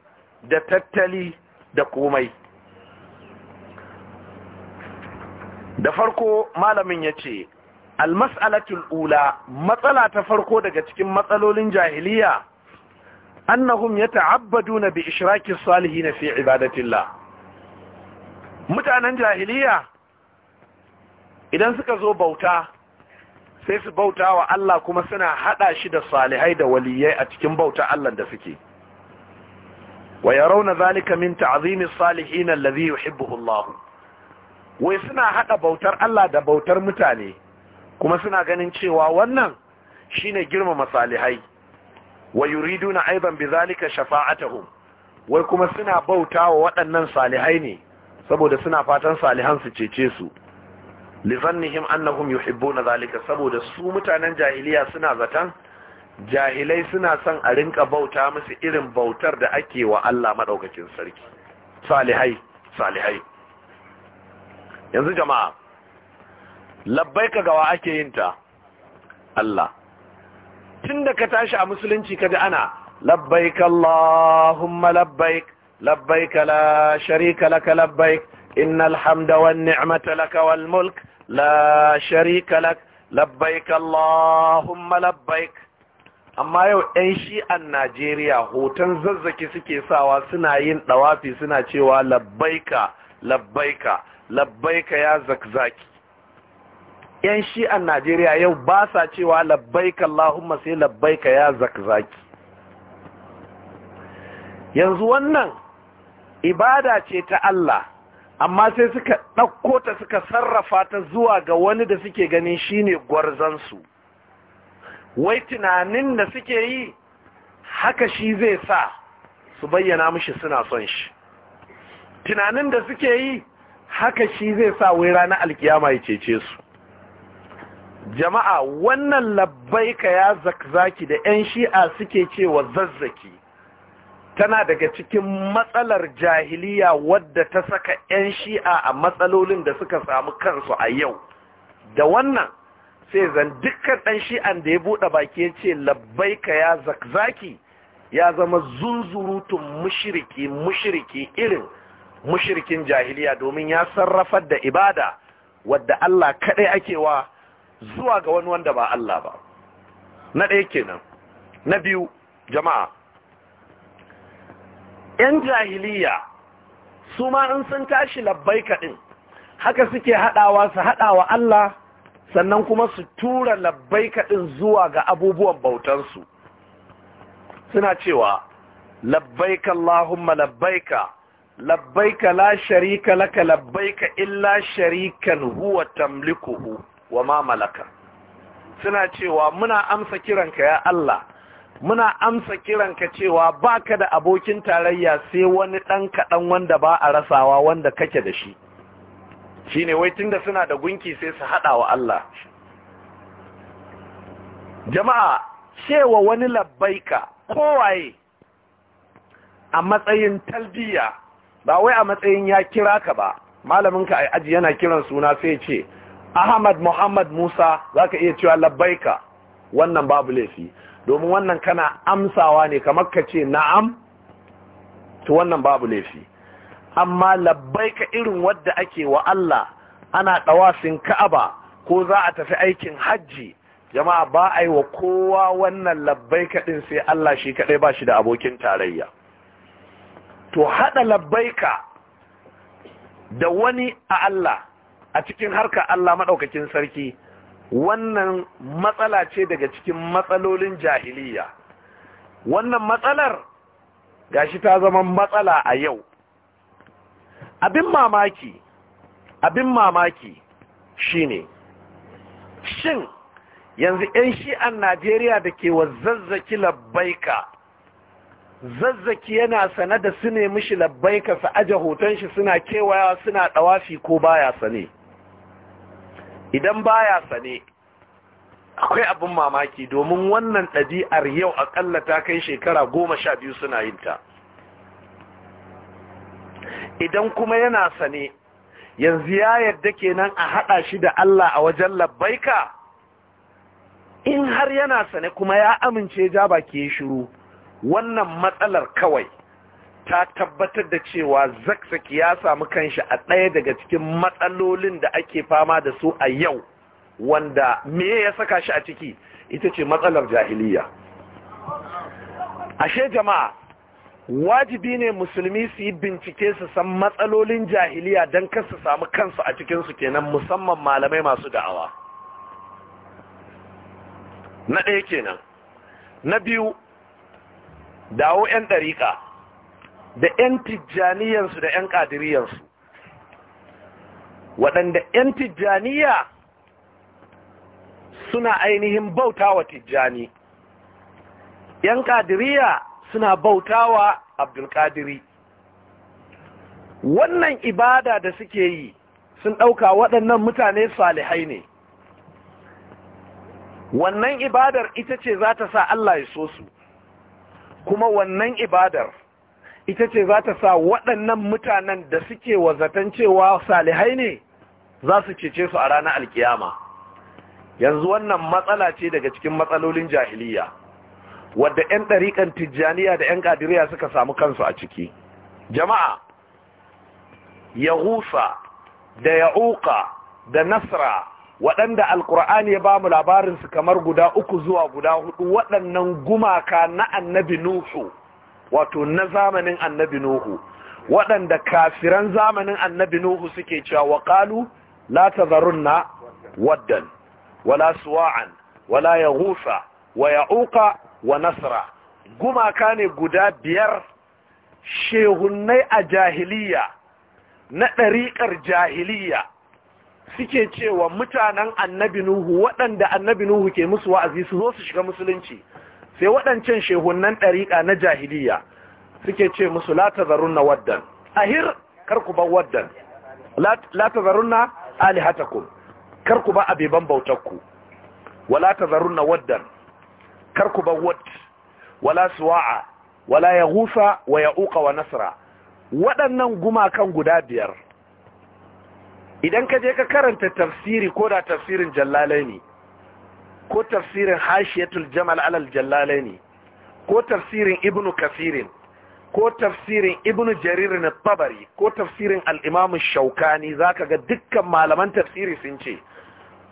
da tattali da komai da farko malamin ya ce almas'alatul ula matsala ta farko daga cikin matsalolin jahiliya annahum yata'abbaduna bi ishraki salihin fi ibadatillah mutanen jahiliya idan suka zo bauta sai su bauta wa Allah kuma suna hada shi da salihai da waliyai a cikin bauta Allah da suke wa yarawna zalika min ta'zimi salihin alladhi yuhibbuhu Allah wai suna hada bautar Allah da bautar mutane kuma suna ganin cewa wannan shine girmama salihai wa yuriduna aidan bidhalika shafa'atuhum wai kuma suna bautawa waɗannan salihai ne saboda suna fatan salihan su cece su li zannihim annahum yuhibbuna zalika saboda su mutanen jahiliya suna zatan jahilai suna son a rinka bauta musu irin bautar da ake wa Allah madaukakin sarki salihai salihai yanzu jama'a ka gawa ake yin ta Allah tun da ka tashi a musulunci ka ji ana labbaika Allahumma labbai ka la sharika laka labbai innal hamda wan ni'mata laka wal mulk la sharika lak ka Allahumma labbaik amma yau shi shi'an Najeriya hoton zazzaki suke sawa suna yin ɗawafi suna cewa labbaika labbaika labbaika ya zakzaki yan shi'an Najeriya yau ba sa cewa labbaika Allahumma sai labbaika ya zakzaki yanzu wannan ibada ce ta Allah amma sai suka ɗauko ta suka sarrafa ta zuwa ga wani da suke ganin shine gwarzansu wai tunanin da suke yi haka shi zai sa su bayyana mishi suna son shi tunanin da suke yi haka shi zai sa wai ranar alkiyama ya cece su jama'a wannan ka ya zakzaki da 'yan shi'a suke cewa zazzaki tana daga cikin matsalar jahiliya wadda ta saka 'yan shi'a a matsalolin da suka samu kansu a yau da wannan sai zan dukkan ɗan shi'an da ya buɗe baki ya ce ka ya zakzaki ya zama zunzurutun mushiriki mushiriki irin mushirikin jahiliya domin ya sarrafar da ibada wadda Allah kaɗai ake wa zuwa ga wani wanda ba Allah ba na ɗaya kenan na biyu jama'a ‘yan jahiliya su ma in sun tashi labbai kaɗin haka suke haɗawa su haɗawa Allah sannan kuma su tura labbai kaɗin zuwa ga abubuwan bautansu suna cewa ka Allahumma labbaika ka la sharika laka ka illa sharikan huwa tamlikuhu wa ma malaka suna cewa muna amsa kiranka ya Allah muna amsa kiranka cewa baka da abokin tarayya sai wani ɗan kaɗan wanda ba a rasawa wanda kake da shi shine wai tunda suna da gunki sai su haɗa wa Allah jama'a cewa wani labbai labbaika kowaye a matsayin talbiya ba wai a matsayin ya kira ka ba malaminka a aji yana kiran suna sai ce Ahmad Muhammad Musa zaka iya cewa labbaika wannan babu laifi domin wannan kana amsawa ne kamar ka ce na'am to wannan babu laifi amma labbaika irin wadda ake wa Allah ana ɗawasin Ka'aba ko za a tafi aikin hajji jama'a ba a yi wa kowa wannan labbaika ɗin sai Allah shi kaɗai ba shi da abokin tarayya to haɗa labbaika da wani a Allah a cikin harka Allah maɗaukakin sarki wannan matsala ce daga cikin matsalolin jahiliya wannan matsalar gashi ta zama matsala a yau abin mamaki abin mamaki shine shin yanzu 'yan shi'an najeriya da ke wa zazzaki labbaika zazzaki yana sane da su ne mishi labbaika su aje hoton shi suna kewaya suna ɗawafi ko baya sane idan baya sane akwai abin mamaki domin wannan ɗabi'ar yau akalla ta kai shekara goma sha biyu suna yin ta idan kuma yana sane yanzu ya yadda kenan a haɗa shi da Allah a wajen labbaika in har yana sane kuma ya amince ja ke shiru wannan matsalar kawai ta tabbatar da cewa zakzaki ya samu kanshi a ɗaya daga cikin matsalolin da ake fama da su a yau wanda me ya saka shi a ciki ita ce matsalar jahiliya ashe jama'a wajibi ne musulmi su yi bincike su san matsalolin jahiliya don kan su samu kansu a cikinsu kenan musamman malamai masu da'awa na ɗaya kenan na biyu dawo 'yan ɗariƙa da 'yan Tijjaniyansu da 'yan ƙadiriyarsu waɗanda 'yan tijjaniya suna ainihin bauta wa tijjani 'yan ƙadiriya suna bauta wa abdulkadiri wannan ibada da suke yi sun ɗauka waɗannan mutane salihai ne wannan ibadar ita ce za ta sa Allah ya so su kuma wannan ibadar ita ce za ta sa waɗannan mutanen da suke wazatan cewa salihai ne za su cece su a ranar alkiyama yanzu wannan matsala ce daga cikin matsalolin jahiliya wadda 'yan ɗariƙan tijjaniya da 'yan ƙadiriya suka samu kansu a ciki jama'a ya husa da ya uka da nasra waɗanda alkur'ani ya ba mu labarinsu kamar guda uku zuwa guda hudu waɗannan gumaka na annabi nuhu wato na zamanin annabi nuhu waɗanda kafiran zamanin annabi nuhu suke cewa wa qalu la tazarunna waddan wala suwa'an wala yaghusa wa ya'uqa wa nasra gumaka ne guda biyar shehunnai a jahiliya na ɗariƙar jahiliya suke cewa mutanen annabi nuhu waɗanda annabi nuhu ke musu wa'azi su zo su shiga musulunci sai waɗancan shehunan ɗariƙa na jahiliya suke ce musu la na waddan ahir kar ku bar waddan la tazarunna alihatakum kar ku bar abeban bautarku wala na waddan kar ku bar wala suwa'a wala ya yaghusa wa ya uka wa nasara. waɗannan gumakan guda biyar idan ka je ka karanta tafsiri ko da tafsirin jallalai ne. ko tafsirin hashiyatul jamal alal ne ko tafsirin ibnu kasirin ko tafsirin ibnu jarir na tabari ko tafsirin al'imamun shaukani za ka ga dukkan malaman tafsiri sun ce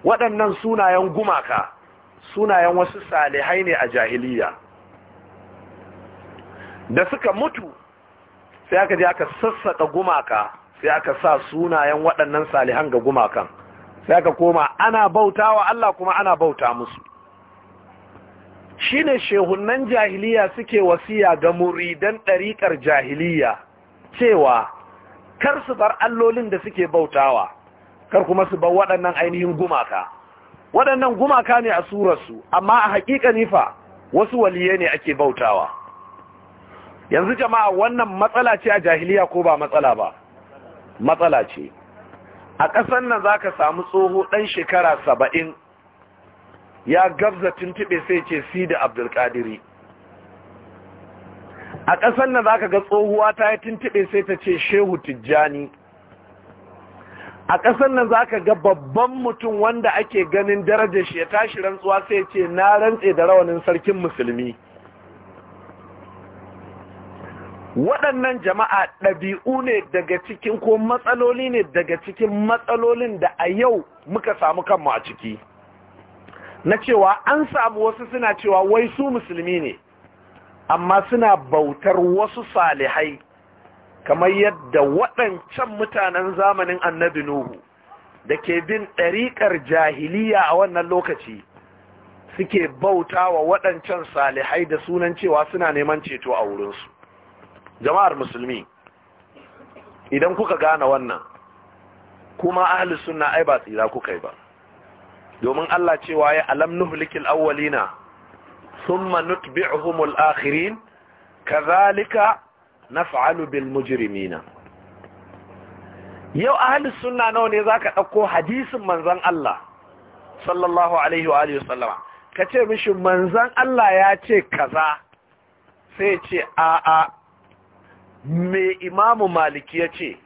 waɗannan sunayen gumaka sunayen wasu salihai ne a jahiliya da suka mutu sai aka je aka sassaka gumaka sai aka sa sunayen waɗannan salihan ga gumakan sai ka koma ana bauta wa Allah kuma ana bauta musu shine shehunan jahiliya suke wasiya ga muridan ɗariƙar jahiliya cewa kar su bar allolin da suke bautawa kar kuma su bar waɗannan ainihin gumaka waɗannan gumaka ne a surarsu amma a haƙiƙa nifa wasu waliye ne ake bautawa yanzu jama'a wannan matsala ce a jahiliya ko ba matsala ba matsala ce a ƙasar nan za ka samu tsoho ɗan shekara saba'in ya gabza tuntube sai ce si da abdulkadiri a ƙasar nan za ka ga tsohuwa ta yi tuntube sai ta ce shehu tijjani a ƙasar nan za ka ga babban mutum wanda ake ganin darajar shi ya tashi rantsuwa sai ce na rantse da rawanin sarkin musulmi waɗannan jama'a ɗabi'u ne daga cikin ko matsaloli ne daga cikin matsalolin da a yau muka samu kanmu a ciki na cewa an samu wasu suna cewa wai su musulmi ne amma suna bautar wasu salihai kamar yadda waɗancan mutanen zamanin annabi nuhu da ke bin ɗariƙar jahiliya a wannan lokaci suke bauta wa waɗancan salihai da sunan cewa suna neman ceto a wurinsu jama'ar musulmi idan kuka gane wannan kuma ahli sunna ai ba tsira kuka yi ba domin Allah cewa ya alam nuhlikil awwalina thumma nutbi'uhumul akhirin kadhalika naf'alu bil mujrimina yau ahli sunna nawa ne zaka dauko hadisin manzon Allah sallallahu alaihi wa alihi wasallama kace mishi manzon Allah ya ce kaza sai ya ce a'a mai imamu maliki ya ce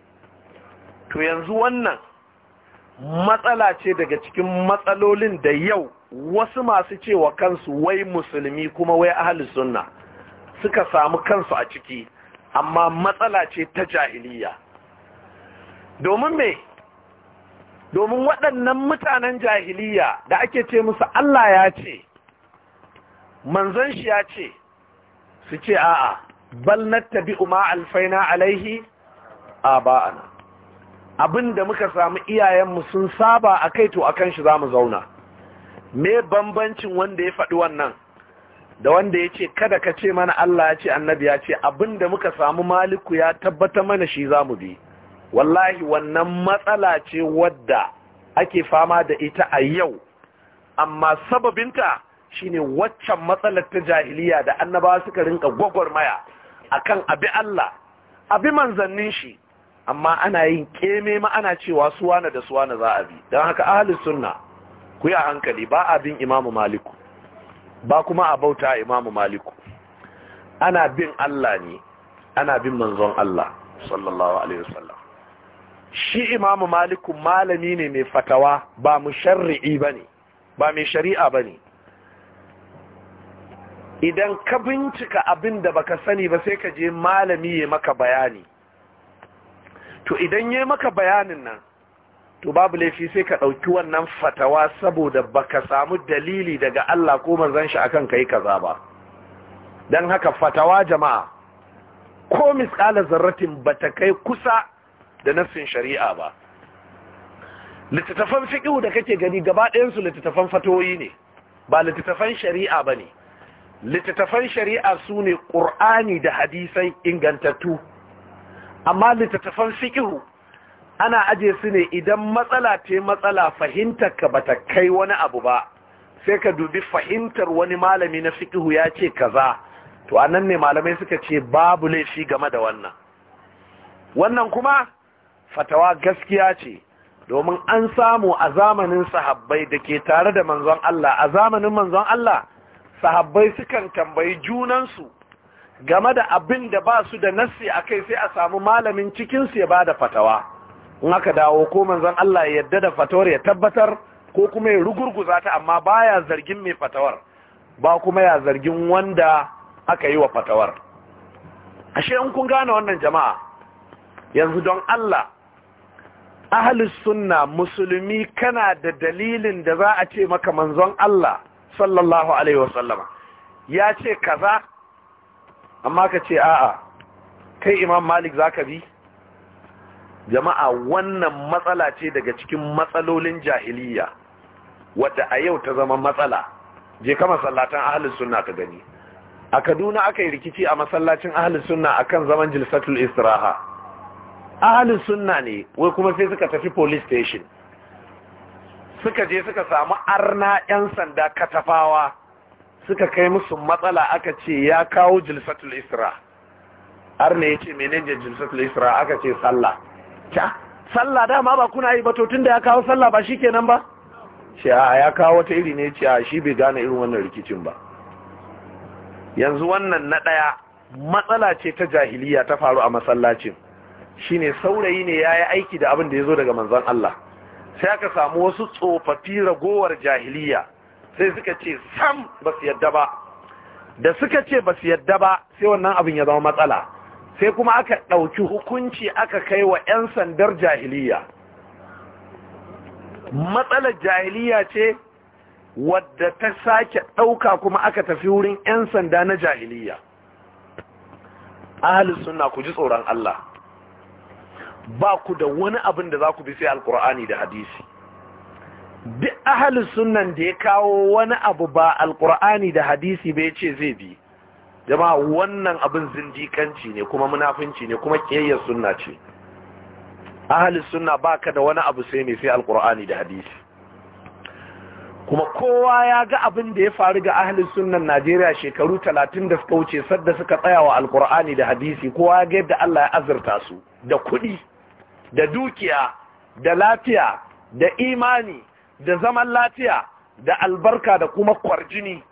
to yanzu wannan matsala ce daga cikin matsalolin da yau wasu masu cewa kansu wai musulmi kuma wai ahli sunna suka samu kansu a ciki amma matsala ce ta jahiliya domin mai domin waɗannan mutanen jahiliya da ake ce musu Allah ya ce manzon shi ya ce su ce a'a bal na tabi ma alfaina alaihi a ba'ana abinda muka samu iyayenmu sun saba a kai to akan shi za mu zauna me bambancin wanda ya faɗi wannan da wanda ya ce kada ka ce mana Allah ya ce annabi ya ce abinda muka samu maliku ya tabbata mana shi za mu bi wallahi wannan matsala ce wadda ake fama da ita a yau amma sababinta shine waccan matsalar ta jahiliya da annabawa suka rinka gwagwarmaya akan abi Allah abi manzannin shi amma ana yin keme ma ana cewa suwana da suwana za a bi don haka ahalin sunna ku yi a hankali ba a bin imamu maliku ba kuma a bauta imamu maliku ana bin Allah ne ana bin manzon Allah sallallahu alaihi wasallam shi imamu maliku malami ne mai fatawa ba mu ba bane ba mai shari'a bane idan ka bincika abin da baka sani ba sai ka je malami ya maka bayani to idan ya maka bayanin nan to babu laifi sai ka ɗauki wannan fatawa saboda baka samu dalili daga Allah ko manzon shi akan kai kaza ba dan haka fatawa jama'a ko misqala zarratin bata kai kusa da nassin shari'a ba littattafan fiqh da kake gani gaba ɗayan su littattafan fatoyi ne ba littattafan shari'a bane littattafan shari'a su ne ƙur'ani da hadisai ingantattu amma littattafan fikihu ana aje su ne idan matsala ce matsala fahimtar ka bata kai wani abu ba sai ka dubi fahimtar wani malami na fikihu ya ce kaza to anan ne malamai suka ce babu laifi game da wannan wannan kuma fatawa gaskiya ce domin an samu a zamanin sahabbai da ke tare da manzon Allah a zamanin manzon Allah sahabbai sukan tambayi junansu game da abin da ba su da nassi a kai sai a samu malamin cikinsu ya ba da fatawa in aka dawo ko manzon Allah ya yadda da fatawar ya tabbatar ko kuma ya rugurguza ta amma ba ya zargin mai fatawar ba kuma ya zargin wanda aka yi wa fatawar ashe in kun gane wannan jama'a yanzu don Allah ahlus sunna musulmi kana da dalilin da za a ce maka manzon Allah sallallahu alaihi wasallama ya ce kaza amma ka ce a'a kai imam malik zaka bi jama'a wannan matsala ce daga cikin matsalolin jahiliya wadda a yau ta zama matsala je kama masallatan ahlus sunna ka gani a Kaduna aka yi rikici a masallacin ahlus sunna akan zaman jilsatul istiraha ahlus sunna ne wai kuma sai suka tafi police station suka je suka samu arna 'yan sanda katafawa suka kai musu matsala aka ce ya kawo jilsatul isra arna ya ce menene jilsatul isra aka ce sallah ta sallah dama ba kuna yi ba to da ya kawo sallah ba shikenan ba shi a ya kawo wata iri ne ce a shi bai gane irin wannan rikicin ba yanzu wannan na ɗaya matsala ce ta jahiliya ta faru a masallacin shine saurayi ne ya yi aiki da abin da ya zo daga manzon Allah sai aka samu wasu tsofaffi ragowar jahiliya sai suka ce sam ba su yadda ba da suka ce ba su yadda ba sai wannan abin ya zama matsala sai kuma aka ɗauki hukunci aka kai wa 'yan sandar jahiliya matsalar jahiliya ce wadda ta sake ɗauka kuma aka tafi wurin 'yan sanda na jahiliya ahalin ku ji tsoron Allah ba ku da wani abin da za ku bi sai alkur'ani da hadisi duk ahalin sunan da ya kawo wani abu ba alkur'ani da hadisi bai ce zai bi jama'a wannan abin zindikanci ne kuma munafinci ne kuma kiyayyar sunna ce ahalin sunna ka da wani abu sai ne sai alkur'ani da hadisi kuma kowa ya ga abin da ya faru ga ahalin sunnan Najeriya shekaru talatin da suka wuce sadda suka tsaya wa alkur'ani da hadisi kowa ya ga yadda Allah ya azurta su da kuɗi da dukiya da lafiya da imani da zaman lafiya da albarka da kuma kwarjini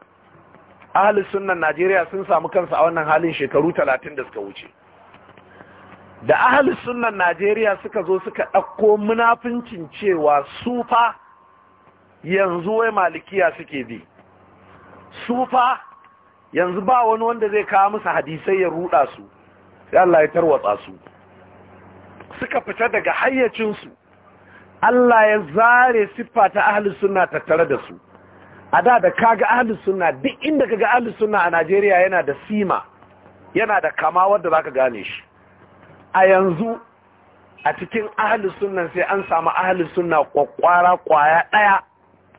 ahalin sunnan najeriya sun samu kansu a wannan halin shekaru talatin da suka wuce da ahalin sunnan najeriya suka zo suka ɗauko munafincin cewa sufa yanzu wai malikiya suke bi sufa yanzu ba wani wanda zai kawo musu hadisai ya ruɗa su sai Allah ya tarwatsa su suka fita daga hayyacinsu Allah ya zare siffa ta ahalus sunna tattare da su a da da kaga ahalus sunna duk inda kaga ga sunna a Najeriya yana da sima yana da kama wadda zaka gane shi a yanzu a cikin ahalus sunnan sai an samu ahli sunna kwakwara kwaya daya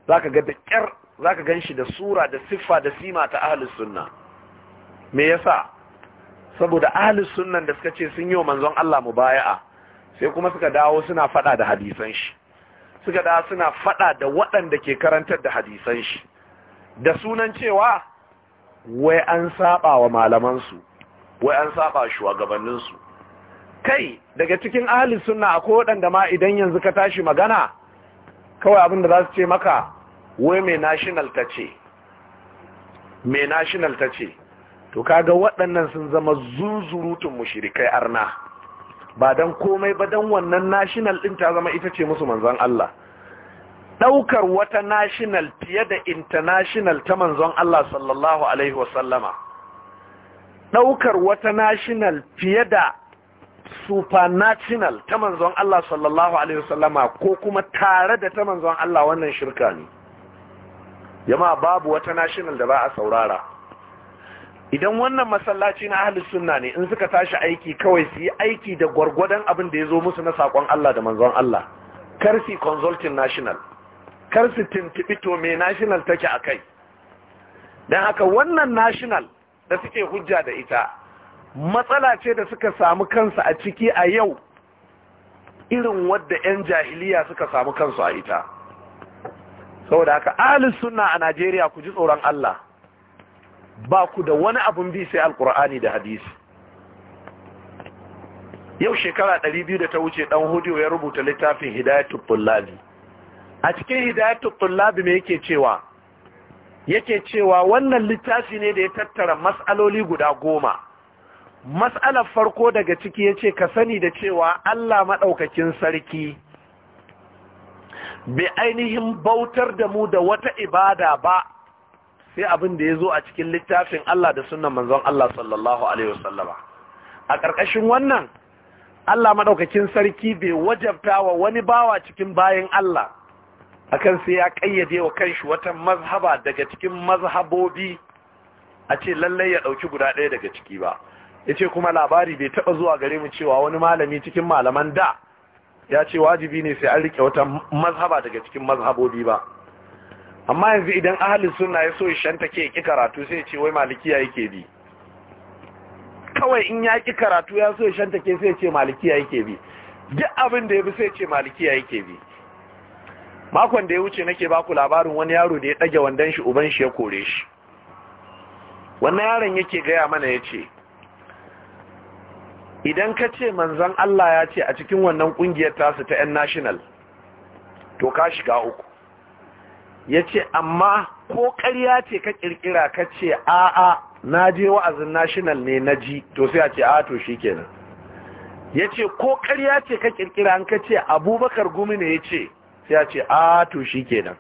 zaka ga da kyar zaka ganshi da sura da siffa da sima ta ahlisunna. sunna me yasa saboda ahli sunnan da suka ce sun yi wa manzon Allah mubaya'a sai kuma suka dawo suna fada da hadisan shi suka da suna fada da waɗanda ke karantar da hadisan shi da sunan cewa wai an saba wa malamansu wai an saba shugabanninsu kai daga cikin ahli sunna akwai waɗanda ma idan yanzu ka tashi magana kawai abin da za su ce maka wai mai national ta ce mai national ta ce to kaga waɗannan sun zama zuzurutun mushirikai arna ba don komai ba don wannan national ɗin ta zama ita ce musu manzon Allah ɗaukar wata national fiye da international ta manzon Allah sallallahu Alaihi wasallama ɗaukar wata national fiye da supernational ta manzon Allah sallallahu Alaihi wasallama ko kuma tare da ta manzon Allah wannan shirka ne jama'a babu wata national da ba a saurara idan wannan masallaci na ahlus sunna ne in suka tashi aiki kawai su yi aiki da gwargwadon abin da ya zo musu na sakon Allah da manzon Allah Karsi consulting national Karsi Tintibito tintibi to me national take a kai don haka wannan national da suke hujja da ita matsala ce da suka samu kansu a ciki a yau irin wadda 'yan jahiliya suka samu kansu a ita saboda haka ahlus sunna a Najeriya ku ji tsoron Allah ba ku da wani abin bi sai alkur'ani da hadisi yau shekara ɗari biyu da ta wuce dan hudu ya rubuta littafin hidayatul tullabi a cikin hidayatul tullabi me yake cewa yake cewa wannan littafi ne da ya tattara mas'aloli guda goma mas'alar farko daga ciki yace ka sani da cewa Allah Maɗaukakin sarki bai ainihin bautar da mu da wata ibada ba sai abin da ya zo a cikin littafin Allah da sunan manzon Allah sallallahu alaihi wasallama a ƙarƙashin wannan Allah maɗaukakin sarki bai wajabta wa wani bawa cikin bayan Allah akan sai ya ƙayyade wa kanshi wata mazhaba daga cikin mazhabobi a ce lallai ya ɗauki guda ɗaya daga ciki ba ya ce kuma labari bai taɓa zuwa gare mu cewa wani malami cikin malaman da ya ce wajibi ne sai an riƙe wata mazhaba daga cikin mazhabobi ba amma yanzu idan ahalin suna ya so shanta ke ki karatu sai ce wai malikiya yake bi kawai in ya ki karatu ya so shanta ke sai ce malikiya yake bi duk abin da ya bi sai ce malikiya yake bi makon da ya wuce nake baku labarin wani yaro da ya ɗage wandon shi uban shi ya kore shi wannan yaron yake gaya mana ya ce idan ka ce manzan Allah ya ce a cikin wannan ƙungiyar tasu ta 'yan national to ka shiga uku ya ce amma ko ƙarya ce ka ƙirƙira ka ce a'a na je wa'azin national ne na ji to sai a ce a to shi kenan ya ce ko ƙarya ce ka ƙirƙira an ka ce abubakar gumi ne ya ce sai a ce a to shi kenan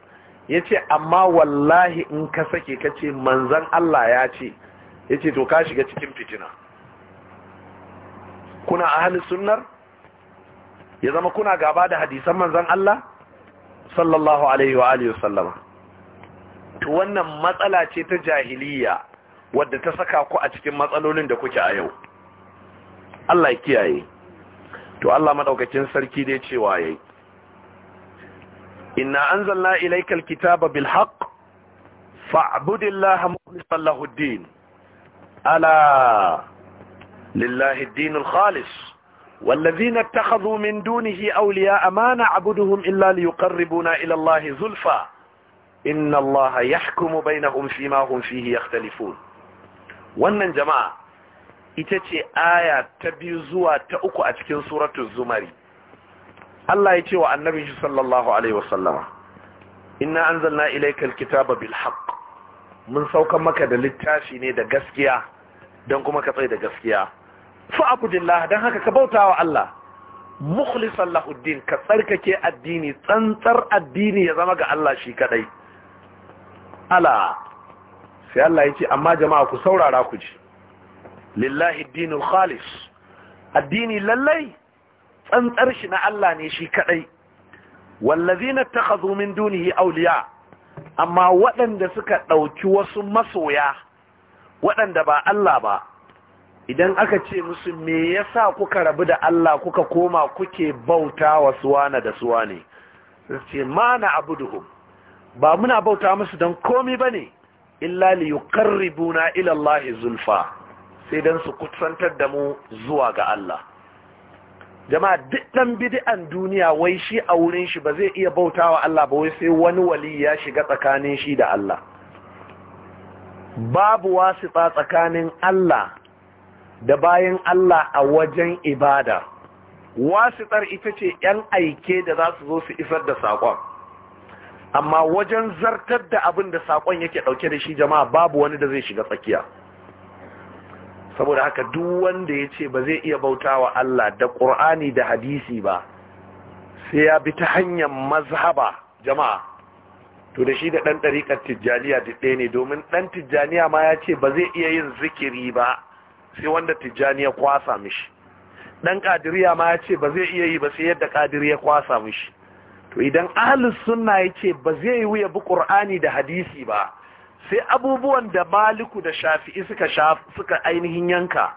ya ce amma wallahi in ka sake ka ce manzan Allah ya ce ya ce to ka shiga cikin fitina kuna ahalin sunnar ya zama kuna gaba da hadisan manzan Allah sallallahu alaihi wa alihi wasallama to wannan matsala ce ta jahiliya wadda ta saka ku a cikin matsalolin da kuke a yau Allah ya kiyaye to Allah madaukakin sarki dai cewa yayi inna anzalna ilaykal kitaba bil haqq fa'budillaha mukhlishan lahu din ala lillahi ad khalis والذين اتخذوا من دونه أولياء ما نعبدهم إلا ليقربونا إلى الله زلفى إن الله يحكم بينهم فيما هم فيه يختلفون wannan jama'a ita ce aya ta biyu zuwa ta uku a cikin suratul zumari Allah ya ce wa annabi shi sallallahu alaihi wasallama inna anzalna ilaykal kitaba bil haqq mun saukan maka da littafi ne da gaskiya don kuma ka tsaye da gaskiya fa'budillah dan haka ka bautawa Allah mukhlisan lahuddin ka tsarkake addini tsantsar addini ya zama ga Allah shi kadai ala sai Allah yake amma jama'a ku saurara ku ji lillahi dinul khalis addini lallai tsantsar shi na Allah ne shi kadai wallazina takhadhu min dunihi awliya amma waɗanda suka ɗauki wasu masoya waɗanda ba Allah ba idan aka ce musu me yasa kuka rabu da Allah kuka koma kuke bauta wa suwana da suwane ce mana abuduhum ba muna bauta musu don komi bane illa li yuqarribuna ila Allah zulfa sai dan su kusantar da mu zuwa ga Allah jama'a duk dan bid'an duniya wai shi a wurin shi ba zai iya bautawa Allah ba wai sai wani wali ya shiga tsakanin shi da Allah babu wasita tsakanin Allah da bayan Allah a wajen ibada wasitar ita ce ‘yan aike da za su zo su isar da saƙon amma wajen zartar da abin da saƙon yake ɗauke da shi jama'a babu wani da zai shiga tsakiya saboda haka duk wanda ya ce ba zai iya bauta wa Allah da ƙur'ani da hadisi ba sai ya bi ta hanyar mazhaba jama'a to da shi da ɗan ɗariƙar tijjaniya duk ɗaya ne domin ɗan tijjaniya ma ya ce ba zai iya yin zikiri ba sai wanda tijjani ya kwasa mishi dan kadiriya ma ya ce ba zai iya yi ba sai yadda kadiri ya kwasa mishi to idan ahlus sunna ya ce ba zai yi wuya bi qur'ani da hadisi ba sai abubuwan da maliku da shafi'i suka suka ainihin yanka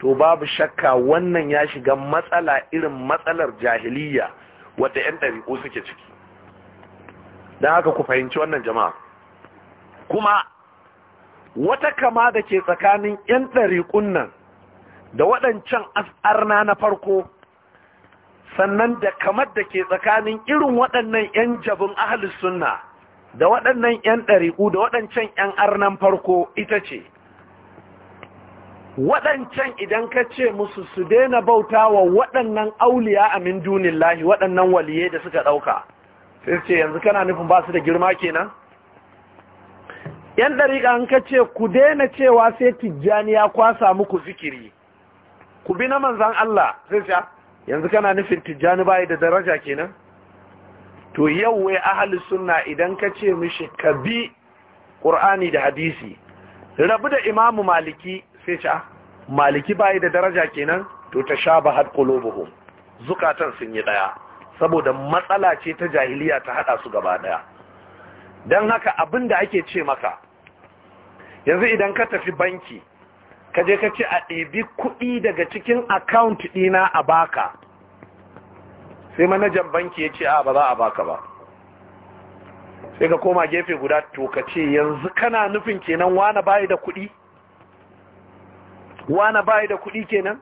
to babu shakka wannan ya shiga matsala irin matsalar jahiliya wadda yan ɗariƙo suke ciki don haka ku fahimci wannan jama'a kuma wata kama da ke tsakanin 'yan ɗariƙun nan da waɗancan arna na farko sannan da kamar da ke tsakanin irin waɗannan 'yan jabin ahalus sunna da waɗannan 'yan ɗariƙu da waɗancan 'yan arnan farko ita ce waɗancan idan ka ce musu su daina bauta wa waɗannan auliya a min dunin lahi waɗannan waliye da suka ɗauka sai ce yanzu kana nufin ba su da girma kenan yan ɗariƙa an ka ce ku daina cewa sai tijjani ya kwasa muku zikiri ku bi na manzan Allah sai sha yanzu kana nufin tijjani bayi da daraja kenan to yau wai ahli sunna idan ka ce mishi ka bi ƙur'ani da hadisi rabu da imamu maliki sai sha ah, maliki bayi da daraja kenan to ta sha ba had qulubuhum zukatan sun yi ɗaya saboda matsala ce ta jahiliya ta haɗa su gaba ɗaya don haka abin da ake ce maka yanzu idan ka tafi banki ka je ka ce a ɗebi kuɗi daga cikin account ɗina a baka sai manajan banki ya ce a ba za a baka ba sai ka koma gefe guda to ka ce yanzu kana nufin kenan wane bayi da kuɗi wane bayi da kuɗi kenan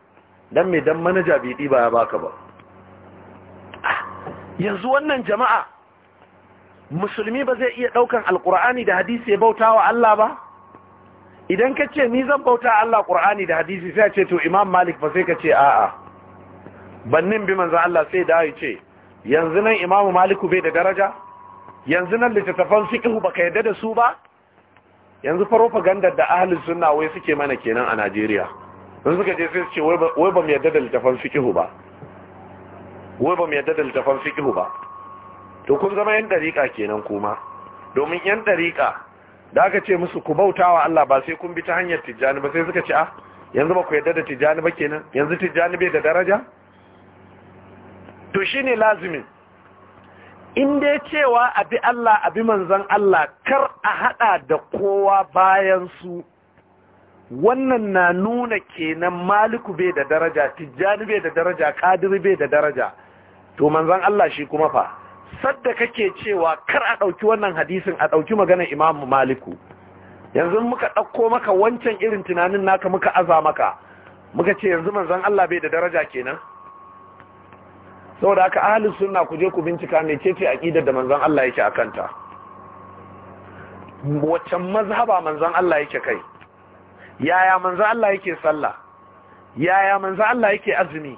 don mai don manaja bai ɗi ba ya baka ba ah, yanzu wannan jama'a musulmi ba zai iya ɗaukan alƙur'ani da hadisi ya bauta wa Allah ba idan ka ce ni zan bauta Allah ƙur'ani da hadisi sai ce to imam malik ba sai ka ce a'a bannin bi manzan Allah sai da ya ce yanzu nan imamu maliku bai da daraja yanzu nan littattafan fiqhu baka yadda da su ba yanzu propaganda da ahlus sunna wai suke mana kenan a Najeriya sun suka je sai su ce wai ba mu yadda da littattafan fiqhu ba to kun zama yan dariƙa kenan kuma domin yan dariƙa da aka ce musu ku bautawa Allah ba sai kun bi ta hanyar tijjani ba sai suka ce ah yanzu ba ku yarda da tijjani ba kenan yanzu tijjani bai da daraja to shine lazimin in dai cewa abi Allah abi manzon Allah kar a hada da kowa bayan su wannan na nuna kenan maliku bai da daraja tijjani bai da daraja kadiri bai da daraja to manzon Allah shi kuma fa sadda kake cewa kar a ɗauki wannan hadisin a ɗauki maganar imamu maliku yanzu muka ɗauko maka wancan irin tunanin naka muka aza maka muka ce yanzu manzan Allah bai da daraja kenan saboda aka ahalin suna ku je ku bincika me ce ce ƙidar da manzan Allah yake kanta waccan mazhaba manzan Allah yake kai yaya manzan Allah yake sallah yaya manzan Allah yake azumi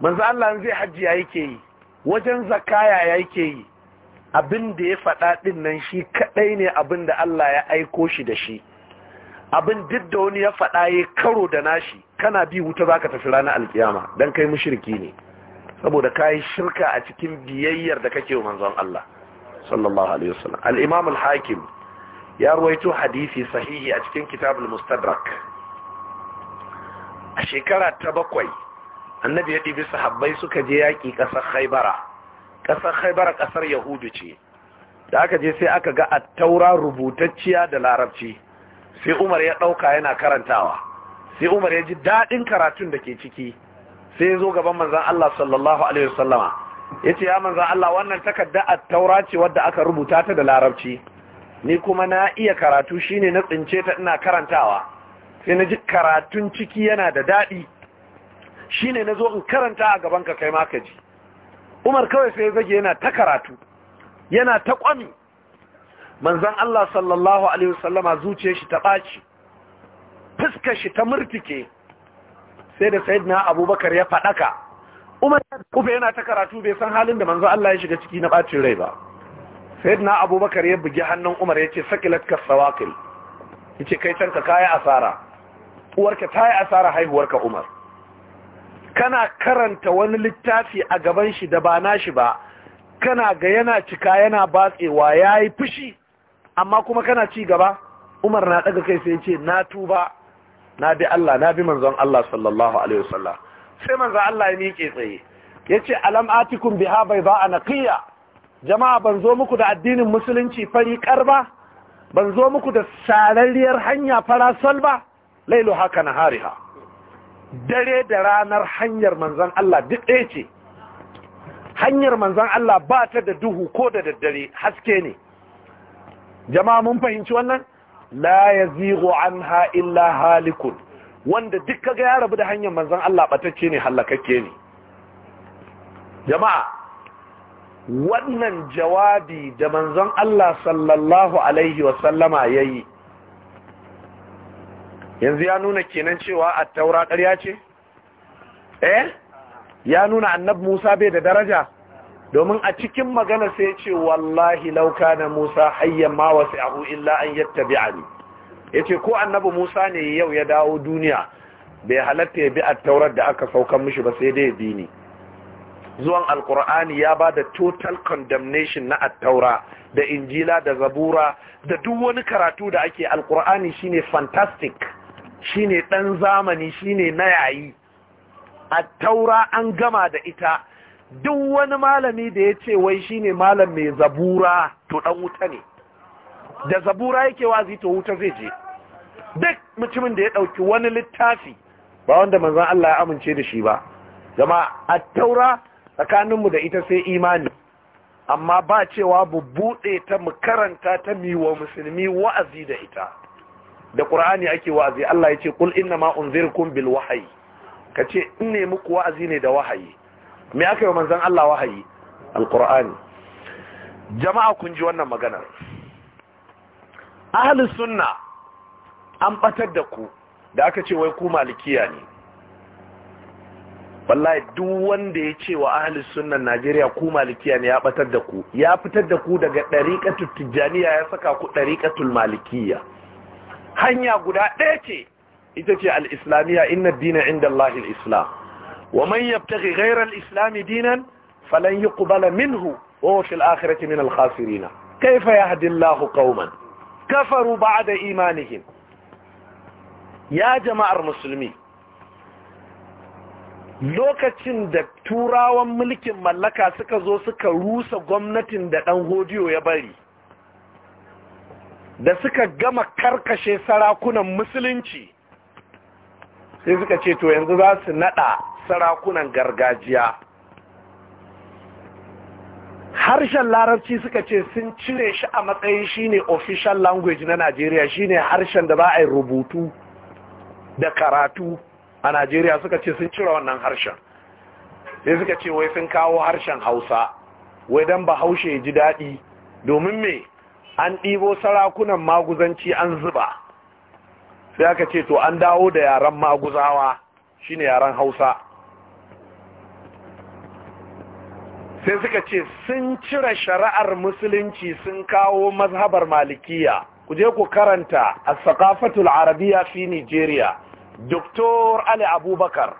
manzan Allah zai hajji yake yi wajen zakaya ya yake yi abin da ya faɗa ɗin nan shi kaɗai ne abin da Allah ya aiko shi da shi abin duk da wani ya faɗa ya karo da nashi kana bi wuta za ka tafi ranar alkiyama don kai mushirki ne saboda ka yi shirka a cikin biyayyar da kake manzon Allah sallallahu alaihi wasallam al-imam al-hakim ya ruwaito hadisi sahihi a cikin kitabul mustadrak a shekara ta bakwai annabi ya ɗibi sahabbai suka je yaƙi ƙasar haibara ƙasar haibara ƙasar yahudu ce da aka je sai aka ga a taura rubutacciya da larabci sai umar ya ɗauka yana karantawa sai umar ya ji daɗin karatun da ke ciki sai ya zo gaban manzan Allah sallallahu alaihi wasallama ya ce ya manzan Allah wannan takarda a taura ce wadda aka rubuta ta da larabci ni kuma na iya karatu shine na tsince ta ina karantawa sai na ji karatun ciki yana da daɗi Shi ne na zo in karanta a gaban ka kai maka ji Umar kawai sai zage yana ta karatu yana ta kwami manzan Allah sallallahu alaihi wasallama zuce shi ta ɓaci fuskar shi ta murtike sai da sayyidina Abubakar ya faɗaka. Umar kufa yana ta karatu bai san halin da manzan Allah ya shiga ciki na ɓacin rai ba sayyidina Abubakar ya bugi hannun Umar ya ce, sakilat kasawaqil yace kai tanka kai asara uwarka ta yi asara haihuwarka Umar kana karanta wani littafi a gaban shi da ba nashi ba kana ga yana cika yana batsewa ya yi fushi amma kuma kana ci gaba umar na daga kai sai ce na tuba na bi Allah na bi manzon Allah sallallahu alaihi wasallam sai manzon Allah ya miƙe tsaye yace alam atikum biha bai bayda anqiya jama'a ban zo muku da addinin musulunci fari karba ban zo muku da sarariyar hanya farasal ba lailu haka Hariha. dare da ranar hanyar manzan Allah duk ɗaya ce hanyar manzan Allah ba ta da duhu ko da daddare haske ne jama'a mun fahimci wannan la yazigu anha illa halikun wanda duk kaga ya rabu da hanyar manzan Allah batacce ne hallakakke ne jama'a wannan jawabi da manzan Allah sallallahu alaihi wasallama yi. yanzu ya nuna kenan cewa a taura ƙarya ce eh ya nuna annab musa bai da daraja domin a cikin magana sai ce wallahi lauka na musa hayyan ma wasu ahu illa an yatta bi'ani ya ce ko annabu musa ne yau ya dawo duniya bai halatta ya bi a taurar da aka saukan mishi ba sai dai bi ni zuwan alkur'ani ya ba da total condemnation na attaura da injila da zabura da duk wani karatu da ake alkur'ani shine fantastic shine ɗan zamani shine na yayi a taura an gama da ita duk wani malami da ya ce wai shine malam mai zabura to ɗan wuta ne da zabura yake wazi to wuta zai je duk mutumin da ya ɗauki wani littafi ba wanda manzan Allah ya amince da shi ba zama a taura tsakaninmu da ita sai imani amma ba cewa bu ta mu karanta ta miwa musulmi wa'azi da ita da qur'ani ake wa'azi Allah yace qul inna ma unzirkum bil wahyi kace in ne muku wa'azi ne da wahayi me aka yi manzon Allah wahayi alqur'ani jama'a kun ji wannan magana Ahli sunna an batar da ku da aka ce wai ku malikiya ne wallahi duk wanda ya ce wa ahli sunnan Najeriya ku malikiya ne ya batar da ku ya fitar da ku daga dariqatul tijaniya ya saka ku dariqatul malikiya hanya guda ɗaya ce ita ce al'islamiyya islamiyya inna dina inda islam wa man yabtaghi ghayra al dinan falan yuqbala minhu wa huwa fil akhirati min al-khasirin kayfa yahdi Allahu qauman kafaru ba'da imanihim ya jama'ar musulmi lokacin da turawan mulkin mallaka suka zo suka rusa gwamnatin da ɗan hodiyo ya bari da suka gama karkashe sarakunan musulunci sai suka ce to yanzu za su nada sarakunan gargajiya harshen larabci suka ce sun cire shi a matsayin shine official language na najeriya shine harshen da ba a yi rubutu da karatu a najeriya suka ce sun cire wannan harshen sai suka ce wai sun kawo harshen hausa wai don ba haushe ji daɗi domin me an ɗibo sarakunan maguzanci an zuba sai aka ce to an dawo da yaren maguzawa shine yaren hausa sai suka ce sun cire shari'ar musulunci sun kawo mazhabar malikiya ku je ku karanta a sakafatul arabiya fi nigeria doktor ali abubakar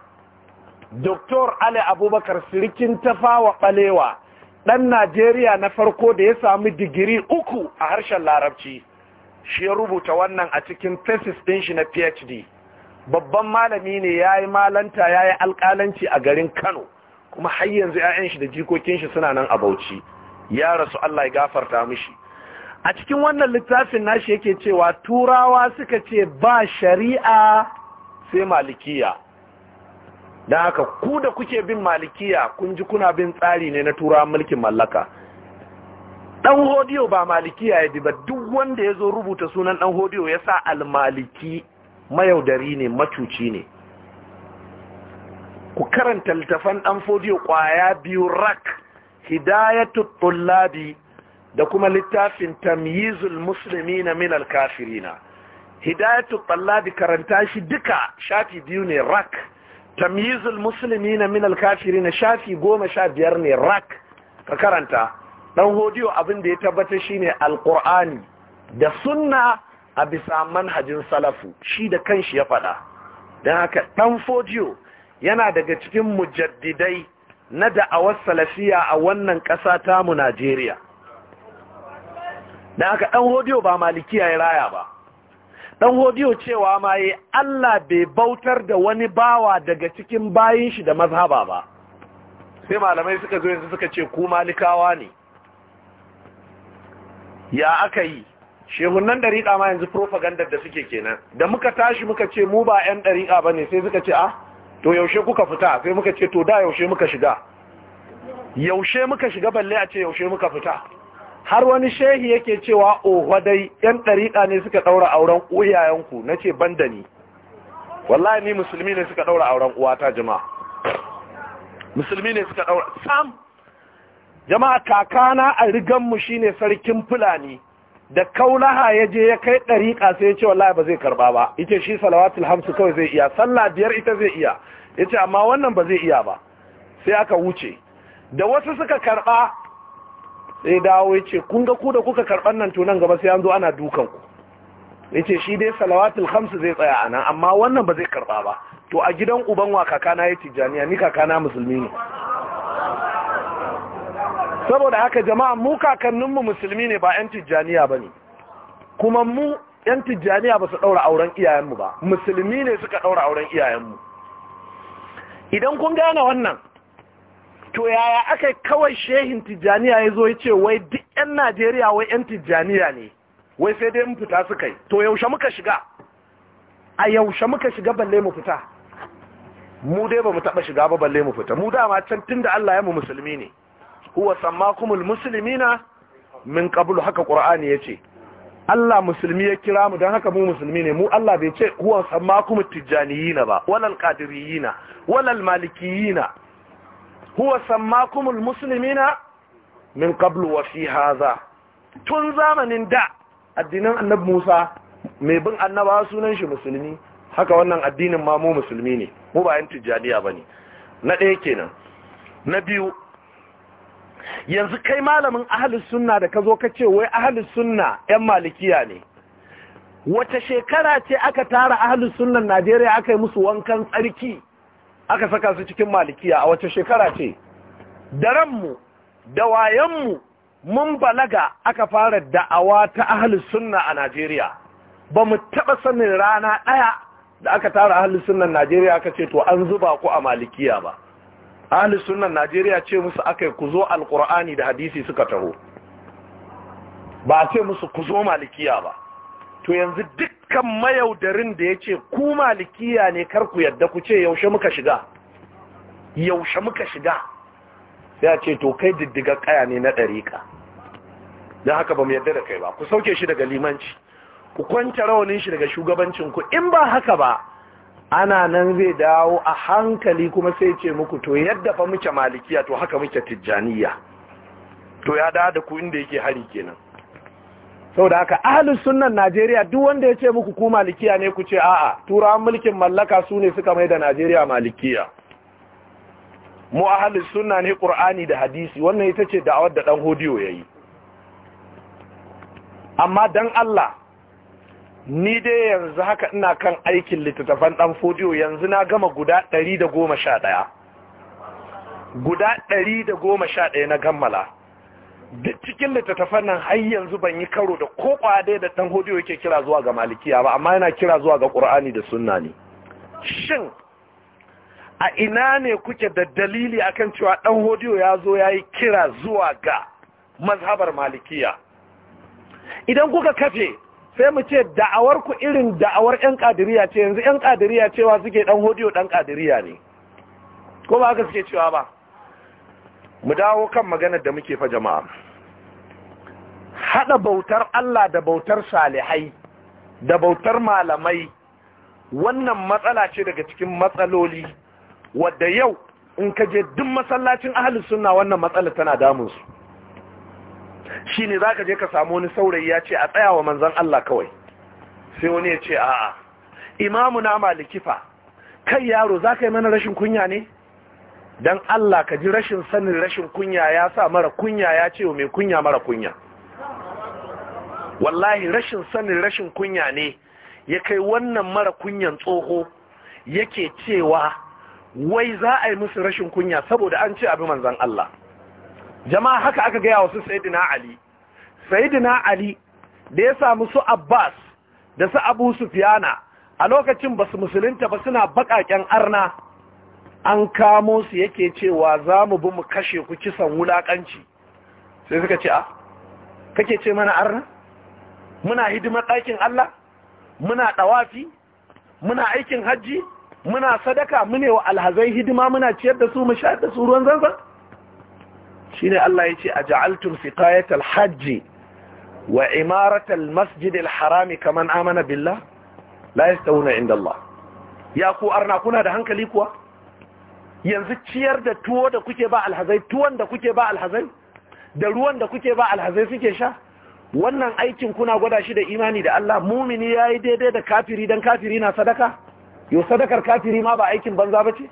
doktor ali abubakar sirikin tafawa ɓalewa. ɗan Najeriya na farko da ya sami digiri uku a harshen larabci shi ya rubuta wannan a cikin thesis ɗin shi na PhD babban malami ne ya yi malanta ya yi alƙalanci a garin Kano kuma har yanzu 'ya'yan shi da jikokin shi suna nan a Bauchi ya rasu Allah ya gafarta mishi a cikin wannan littafin nashi yake cewa turawa suka ce ba shari'a sai malikiya da haka ku da kuke bin malikiya kun ji kuna bin tsari ne na turawan mulkin mallaka dan hodiyo ba malikiya ya bi ba duk wanda ya zo rubuta sunan dan hodiyo ya sa almaliki mayaudari ne macuci ne ku karanta littafan dan hodiyo kwaya biyu rak hidayatu tullabi da kuma littafin tamyizul muslimina min alkafirina hidayatu tullabi karanta shi duka shafi biyu ne rak tamyizul musulmi na minal kafiri na shafi goma sha biyar ne rak ka karanta ɗan hodiyo abin da ya tabbata shine alkur'ani da sunna a bisa manhajin salafu shi da kanshi ya faɗa don haka ɗan hodiyo, yana daga cikin mujaddidai na da'awar salafiya a wannan ƙasa tamu najeriya don haka ɗan hodiyo ba malikiya ya raya ba dan hodiyo cewa ma yi Allah bai bautar da wani bawa daga cikin bayin shi da mazhaba ba sai malamai suka zo yanzu suka ce ku malikawa ne ya aka yi nan dariƙa ma yanzu propaganda da suke kenan da muka tashi muka ce mu ba 'yan dariƙa ba ne sai suka ce ah to yaushe kuka fita sai muka ce to da yaushe muka shiga yaushe muka shiga balle a ce yaushe muka fita har wani shehi yake cewa oho dai yan ɗariƙa ne suka ɗaura auren uyayenku na ce ban da ni wallahi ni musulmi ne suka ɗaura auren uwata jama'a musulmi ne suka ɗaura sam jama'a kakana a riganmu shine sarkin fulani da kaulaha ya je ya kai ɗariƙa sai ya ce wallahi ba zai karɓa ba ita shi salawatul hamsu kawai zai iya sallah biyar ita zai iya ya ce amma wannan ba zai iya ba sai aka wuce da wasu suka karɓa sai dawo ya ce kun ga ku da kuka karɓar nan tunan gaba sai an zo ana dukanku. ku ya ce shi dai salawatul hamsu zai tsaya a nan amma wannan ba zai karɓa ba to a gidan uban wa kakana ya tijjaniya ni kakana musulmi ne saboda haka jama'a mu kakanninmu musulmi ne ba 'yan tijjaniya ba ne kuma mu 'yan tijjaniya ba su ɗaura auren iyayenmu ba musulmi ne suka ɗaura auren iyayenmu idan kun gane wannan to yaya aka kawai shehin tijjaniya ya zo ya ce wai duk 'yan najeriya wai 'yan tijjaniya ne wai sai dai mu fita suka yi to yaushe muka shiga a yaushe muka shiga balle mu fita mu dai ba mu taɓa shiga ba balle mu fita mu dama can tun da allah ya mu musulmi ne huwa sammakumul muslimina min qablu haka qur'ani yace Allah musulmi ya kira mu don haka mu musulmi ne mu Allah bai ce huwa sammakumut tijjaniyina ba walal qadiriyina walal malikiyina huwa sammakumul muslimina min qablu wa fi hadha tun zamanin da addinin annabi Musa mai bin annaba sunan shi musulmi haka wannan addinin ma mu musulmi ne mu ba yan tijjaniya bane na ɗaya kenan na biyu yanzu kai malamin ahlus sunna da kazo kace wai ahlus sunna yan malikiya ne wata shekara ce aka tara ahlus sunnan Najeriya aka yi musu wankan tsarki aka saka su cikin malikiya a wace shekara ce daranmu da wayanmu mun balaga aka fara da'awa ta ahlus sunna a Najeriya ba mu taɓa sanin rana ɗaya da aka tara ahlus sunnan Najeriya aka ce to an zuba ku a malikiya ba ahlus sunnan Najeriya ce musu aka ku zo da hadisi suka taho ba ce musu ku zo malikiya ba to yanzu duk Kan mayaudarin da ya ce ku malikiya ne karku yadda ku ce yaushe muka shiga yaushe muka shiga ya ce to kai diddigar kaya ne na ɗariƙa don haka ba mu yadda da kai ba ku sauke shi daga limanci ku kwanta rawanin shi daga shugabancinku in ba haka ba ana nan zai dawo a hankali kuma sai ce muku to yadda fa muke malikiya to haka muke tijjaniya to ya dawo da ku inda yake hari kenan Sau da haka ahalin sunan Najeriya duk wanda ya ce muku ku malikiya ne ku ce a'a turawan mulkin mallaka su ne suka mai da Najeriya malikiya mu ahalin sunna ne ƙur'ani da hadisi wannan ita ce da'awar da dan hodiyo yi. amma dan Allah ni dai yanzu haka ina kan aikin littattafan ɗan hodiyo, yanzu na gama guda ɗari da goma sha ɗaya. guda ɗari da goma sha ɗaya na gammala duk cikin littattafan nan har yanzu ban yi karo da ko kwade da dan hodiyo yake kira zuwa ga malikiya ba amma yana kira zuwa ga ƙur'ani da sunna ne shin a ina ne kuke da dalili akan cewa dan hodiyo ya zo ya yi kira zuwa ga mazhabar malikiya idan kuka kafe sai mu ce da'awar ku irin da'awar yan kadiriya ce yanzu yan kadiriya cewa suke dan hodiyo dan kadiriya ne ko ba haka suke cewa ba mu dawo kan maganar da muke fa jama'a hada bautar Allah da bautar salihai da bautar malamai wannan matsala ce daga cikin matsaloli wadda yau in ka je duk masallacin ahalus sunna wannan matsala tana damun su shine zaka je ka samu wani saurayi ya ce a tsaya wa manzon Allah kawai sai wani ya ce a'a imamu na Malikifa. kai yaro zaka yi mana rashin kunya ne dan Allah ka ji rashin sanin rashin kunya ya sa mara kunya ya ce mai kunya mara kunya wallahi rashin sanin rashin kunya ne ya kai wannan mara kunyan tsoho yake cewa wai za a yi musu rashin kunya saboda an ce abi manzan Allah jama'a haka aka gaya wasu sayidina Ali sayidina Ali da ya samu su Abbas da su Abu Sufyana a lokacin basu musulunta ba suna baƙaƙen arna an kamo su yake cewa za mu bi mu kashe ku kisan wulaƙanci sai suka ce a kake ce mana arna muna hidimar ɗakin Allah muna ɗawafi muna aikin hajji muna sadaka mune wa alhazai hidima muna ciyar da su mu shayar da su ruwan zanzan Shi ne Allah ya ce a ja'altun fitayatar hajji wa imaratar masjidil harami kaman amana billah la inda Allah ya ku arna kuna da hankali kuwa yanzu ciyar da tuwo da kuke ba alhazai tuwon da kuke ba alhazai da ruwan da kuke ba alhazai suke sha wannan aikin kuna gwada shi da imani da Allah mumini yi daidai da kafiri don kafiri na sadaka yo sadakar kafiri ma ba aikin banza ba ce?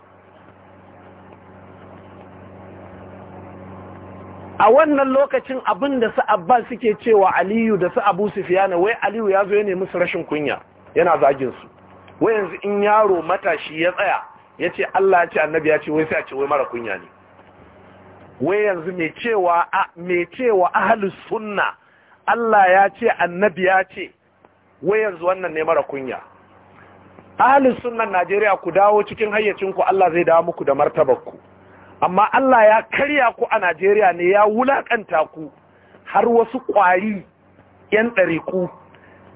a wannan lokacin abin da su Abbas suke cewa Aliyu da su Abu na wai Aliyu ya zo ya nemi su rashin kunya yana zagin su wai yanzu in yaro matashi ya tsaya ya ce Allah ya ce annabi ya ce wai sai a ce wai mara kunya ne wai yanzu mai cewa mai cewa ahlus sunna Allah ya ce annabi ya ce wai yanzu wannan ne mara kunya ahlus sunnan Najeriya ku dawo cikin hayyacin Allah zai dawo muku da martabar ku amma Allah ya karya ku a Najeriya ne ya wulakanta ku har wasu kwari yan dariku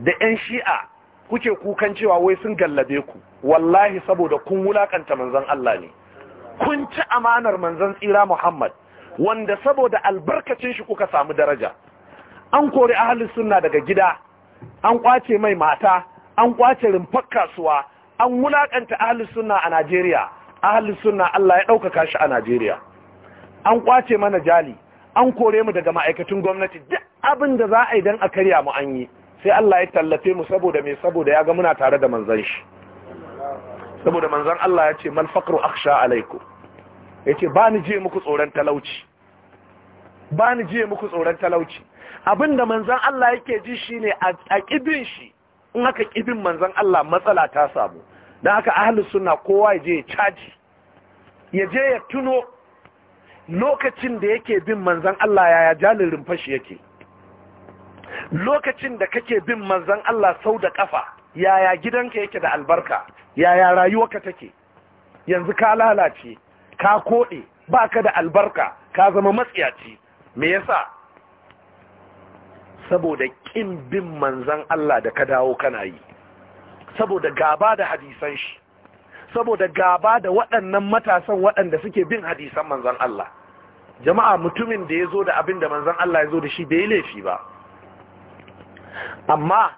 da yan shi'a kuke kukan cewa wai sun gallabe ku wallahi saboda kun wulakanta manzon Allah ne kun ci amanar manzon tsira Muhammad wanda saboda albarkacin shi kuka samu daraja an kori ahlus sunna daga gida an kwace mai mata an kwace rumfar kasuwa an wulakanta ahlus sunna a Najeriya ahlus sunna Allah ya ɗaukaka kashi a Najeriya an kwace mana jali an kore mu daga ma'aikatun gwamnati duk abin da za a yi dan a karya mu an yi sai Allah ya tallafe mu saboda mai saboda ya ga muna tare da manzan shi saboda manzan Allah ya ce mal faqru akhsha alaikum ce ba ni je muku tsoron talauci ba ni je muku tsoron talauci abinda manzan Allah yake ji shi ne a kibin shi in aka ƙibin manzan Allah matsala ta samu Don haka ahalus suna kowa ya je ya caji ya je ya tuno lokacin da yake bin manzan Allah yaya jalin rumfashi yake lokacin da kake bin manzan Allah sau da ƙafa, yaya gidanka yake da albarka yaya rayuwarka take yanzu ka lalace ka kode ka da albarka ka zama matsiyaci me yasa saboda kin bin manzan Allah da ka dawo kana yi saboda gaba da hadisan shi saboda gaba da waɗannan matasan waɗanda suke bin hadisan manzan Allah jama'a mutumin da ya zo da abin da manzon Allah ya zo da shi bai laifi ba amma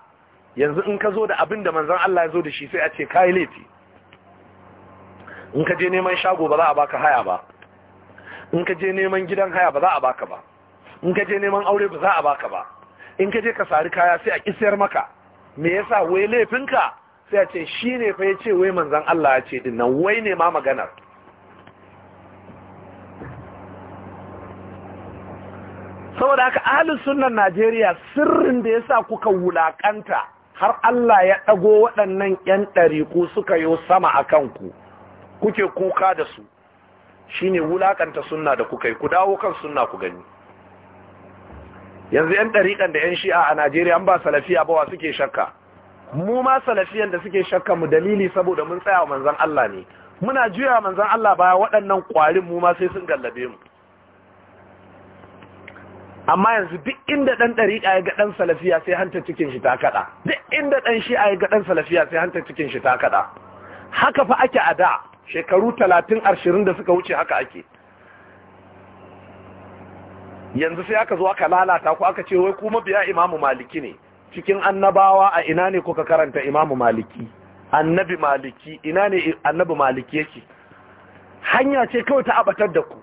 yanzu in ka zo da abin da manzan Allah ya zo da shi sai a ce kayi laifi in ka je neman shago ba za a baka haya ba in ka je neman gidan haya ba za a baka ba in ka je neman aure ba za a baka ba in ka je ka sari kaya sai a kisiyar maka me yasa wai laifinka sai a ce shi ne fa ya ce wai manzan Allah ya ce dinnan wai ne ma maganar saboda haka ahalin sunan Najeriya sirrin da ya sa kuka wulakanta har Allah ya ɗago waɗannan ‘yan ɗariku suka yo sama a kanku kuke kuka da su shi ne wulakanta sunna da kuka yi ku dawo kan sunna ku gani yanzu ‘yan ɗariƙan da ‘yan shi'a a Najeriya ba salafiya bawa suke shakka mu ma salafiyan da suke shakka mu dalili saboda mun tsaya wa manzan Allah ne muna juya manzan Allah baya waɗannan ƙwarin mu ma sai sun gallabe mu amma yanzu duk inda ɗan ɗariƙa ya ga ɗan salafiya sai hanta cikin shi ta kaɗa duk inda ɗan shi'a ya ga ɗan salafiya sai hanta cikin shi ta kaɗa haka fa ake a da shekaru talatin ashirin da suka wuce haka ake yanzu sai aka zo aka lalata ku aka ce wai kuma biya imamu maliki ne cikin annabawa a ina ne kuka karanta imamu maliki annabi maliki ina ne annabi maliki yake hanya ce kawai ta abatar da ku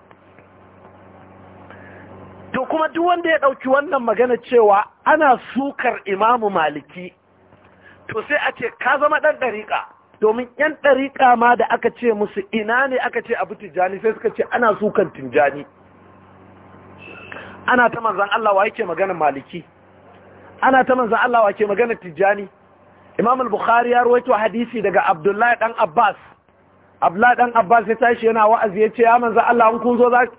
to kuma duk wanda ya ɗauki wannan magana cewa ana sukar imamu maliki to sai a ce ka zama ɗan ɗariƙa domin ‘yan ɗariƙa ma da aka ce musu ina ne aka ce abu tijjani sai suka ce ana sukan tijjani ana ta manzan Allah wa yake magana maliki ana ta manzan Allah wa ke magana tijjani imam al-bukhari ya ruwaito hadisi daga abdullahi dan abbas abla dan abbas ya tashi yana wa'azi ya ce ya manzo Allah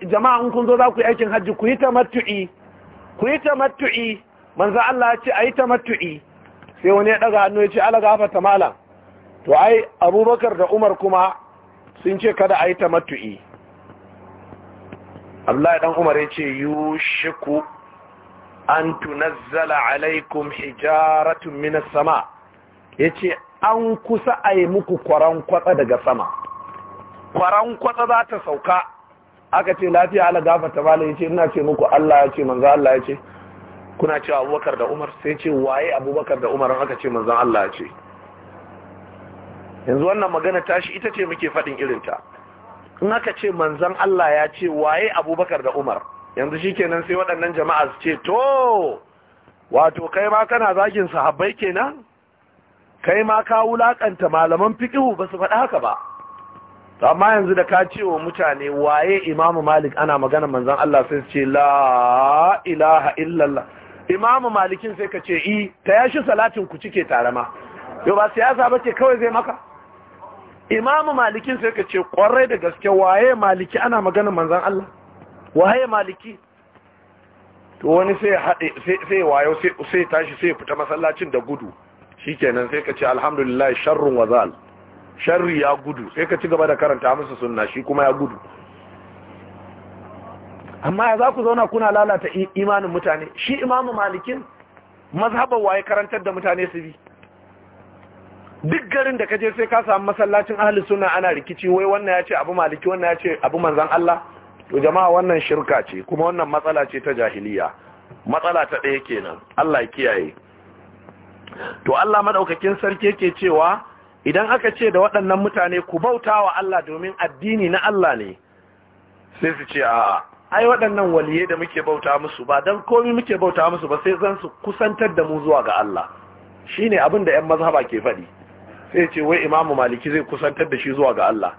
jama'a in kun zo za ku yi aikin hajji ku yi tamattu'i ku yi tamattu'i manzo Allah ya ce ayi tamattu'i sai wani ya daga hannu ya ce ala gafata malam to ai abubakar da umar kuma sun ce kada ayi tamattu'i abla dan umar ya ce yushiku an tunazzala alaikum hijaratun minas sama yace an kusa a yi muku kwaran kwatsa daga sama kwaran kwatsa za ta sauka aka ce lafiya ala ta bala yace ina ce muku Allah ya ce manzo Allah ya ce kuna cewa Abubakar da Umar sai ce waye Abubakar da Umar aka ce manzo Allah ya ce yanzu wannan magana tashi ita ce muke faɗin ta. in aka ce manzan Allah ya ce waye abubakar da umar yanzu shikenan sai waɗannan jama'a su ce to wato kai ma kana zagin sahabbai kenan kai ma ka wulakanta malaman fiqhu ba su faɗi haka ba to amma yanzu da ka ce wa mutane waye imamu malik ana magana manzan Allah sai su ce la ilaha illallah imamu malikin sai ka ce i ta yashi salatin ku cike tare ma yau ba siyasa ba ce kawai zai maka imamu malikin sai ka ce kwarai da gaske waye maliki ana magana manzan Allah waye maliki to wani sai haɗe sai wayo sai tashi sai fita masallacin da gudu shikenan sai ka ce alhamdulillah sharrun wazal sharri ya gudu sai ka ci gaba da karanta musu sunna shi kuma ya gudu amma ya za ku zauna kuna lalata imanin mutane shi imamu malikin mazhaban waye karantar da mutane su bi duk garin da ka je sai ka samu masallacin ahli sunna ana rikici wai wannan ya ce abu maliki wannan ya ce abu manzan Allah to jama'a wannan shirka ce kuma wannan matsala ce ta jahiliya matsala ta ɗaya kenan Allah ya kiyaye to Allah madaukakin sarki yake cewa idan aka ce da waɗannan mutane ku bauta wa Allah domin addini na Allah ne sai su ce a ai waɗannan waliye da muke bauta musu ba don komi muke bauta musu ba sai zan su kusantar da mu zuwa ga Allah ne abin da 'yan mazhaba ke faɗi sai ce wai imamu maliki zai kusantar da shi zuwa ga Allah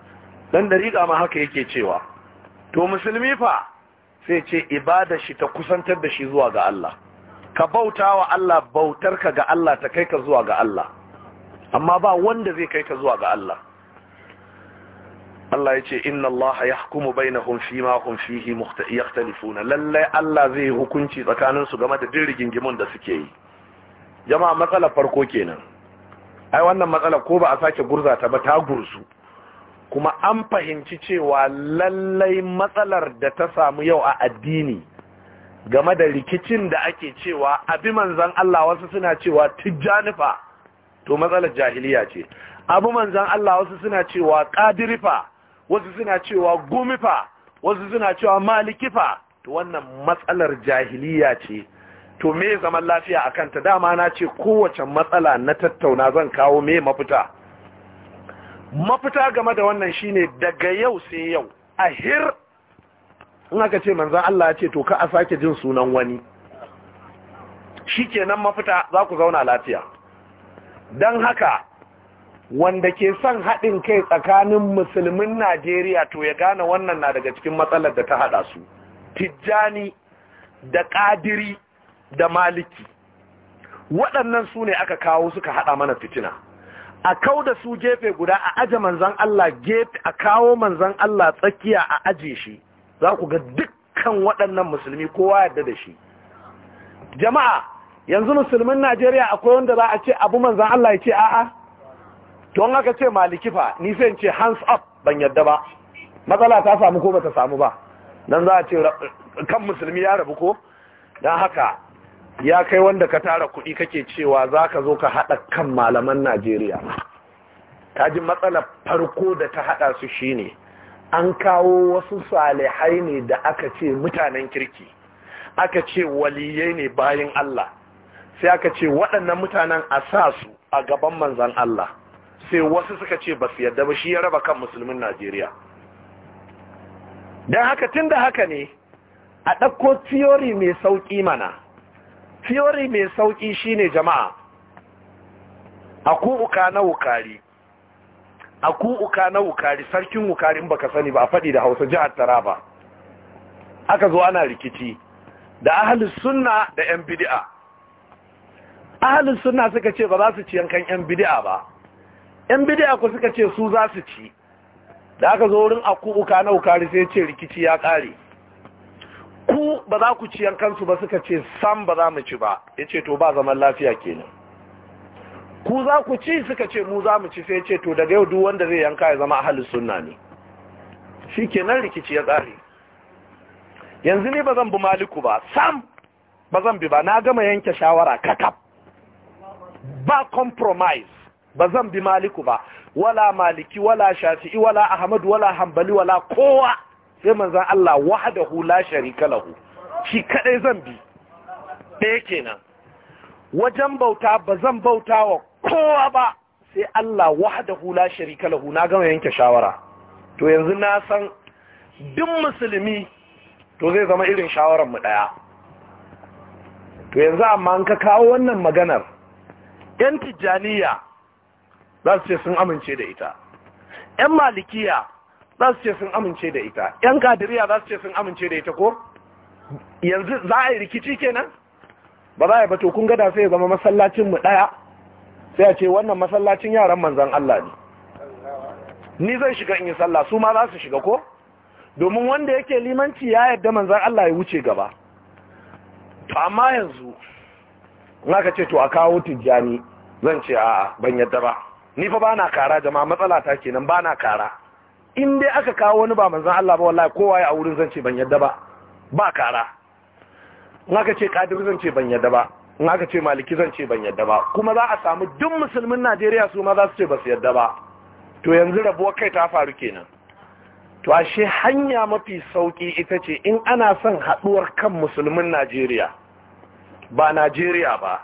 dan dariƙa ma haka yake cewa to musulmi fa sai ce ibada shi ta kusantar da shi zuwa ga Allah ka bauta wa Allah bautarka ga Allah ta kai ka zuwa ga Allah amma ba wanda zai kai ka zuwa ga Allah Allah ya ce inna Allah ya hukumu bainahum fi ma hum fihi yakhtalifuna Lallai Allah zai hukunci tsakanin su game da jirgin gimun da suke yi jama'a matsalar farko kenan ai wannan matsalar ko ba a sake gurza ta ba ta gursu. kuma an fahimci cewa lallai matsalar da ta samu yau a addini game da rikicin da ake cewa abi manzan Allah wasu suna cewa tijjanifa to matsalar jahiliya ce abu manzan Allah wasu suna cewa kadirifa wasu suna cewa gumifa wasu suna cewa malikifa to wannan matsalar jahiliya ce to me zaman lafiya a kanta dama na ce kowace matsala na tattauna zan kawo me mafita mafita game da wannan shine daga yau sai yau a hir in aka ce manzan Allah ce to ka a sake jin sunan wani Shi kenan mafita za ku zauna lafiya don haka wanda ke son haɗin kai tsakanin musulmin najeriya to ya gane wannan na daga cikin matsalar da ta haɗa su tijjani da ƙadiri da maliki waɗannan su ne aka kawo suka haɗa mana fitina a kau da su gefe guda a aje manzan Allah gefe a kawo manzan Allah tsakiya a aje shi za ku ga dukkan waɗannan musulmi kowa yadda da shi jama'a yanzu musulmin najeriya akwai wanda za a ce abu manzan allah ya ce a'a don haka ce maliki fa ni sai ce hands up ban yadda ba matsala ta samu ko bata samu ba nan za a ce kan musulmi ya rabu ko don haka ya kai wanda ka tara kuɗi kake cewa za ka zo ka haɗa kan malaman najeriya ta ji matsala farko da ta haɗa su shi ne. an kawo wasu salihai ne da aka ce mutanen kirki aka ce waliyai ne bayan Allah sai aka ce waɗannan mutanen a sa su a gaban manzan Allah sai wasu suka ce ba su yadda ba shi ya raba kan musulmin Najeriya don haka tun da haka ne a ɗauko fiyori mai sauƙi mana fiyori mai sauƙi shine jama'a a ku uka na wukari a ku uka na wukari sarkin wukari in baka sani ba a faɗi da hausa jihar taraba aka zo ana rikici da ahalus sunna da yan bidi'a. ahalin suna suka ce ba za su ci yankan 'yan bidi'a ba 'yan bidi'a ku suka ce su za su ci da aka zo wurin aku uka na ukari sai ce rikici ya kare ku ba za ku ci yankansu ba suka ce sam ba za mu ci ba ya ce to ba zaman lafiya kenan ku za ku ci suka ce mu za mu ci sai ce to daga yau duk wanda zai yanka ya zama ahalin sunna ne shi kenan rikici ya tsari. yanzu ne ba zan bi maliku ba sam ba zan bi ba na gama yanke shawara kakaf ba compromise ba zan bi maliku ba wala maliki wala shafi'i wala ahmad wala hanbali wala kowa sai manzon Allah wahdahu la sharika lahu shi kadai zan bi ɗaya kenan wajen bauta ba zan bauta wa kowa ba sai Allah wahdahu la sharika lahu na gama yanke shawara to yanzu na san duk musulmi to zai zama irin shawaran mu daya to yanzu amma an ka kawo wannan maganar 'yan tijjaniya za su ce sun amince da ita 'yan malikiya za su ce sun amince da ita 'yan kadiriya za su ce sun amince da ita ko yanzu za a yi rikici kenan ba za a yi ba kun gada sai ya zama masallacinmu mu ɗaya sai a ce wannan masallacin yaran manzan Allah ne ni zai shiga in yi sallah su ma za su shiga ko domin wanda yake limanci ya yarda manzan Allah ya wuce gaba to amma yanzu na ka ce to a kawo tijjani zan ce a ban yadda ba ni fa bana kara jama'a matsala ta kenan bana kara in dai aka kawo wani ba manzon Allah ba wallahi kowa ya a wurin zan ce ban yadda ba ba kara na ka ce kadir zan ce ban yadda ba na aka ce maliki zan ce ban yadda ba kuma za a samu duk musulmin Najeriya su ma za su ce ba su yadda ba to yanzu rabuwar kai ta faru kenan to ashe hanya mafi sauki ita ce in ana son haduwar kan musulmin Najeriya ba Najeriya ba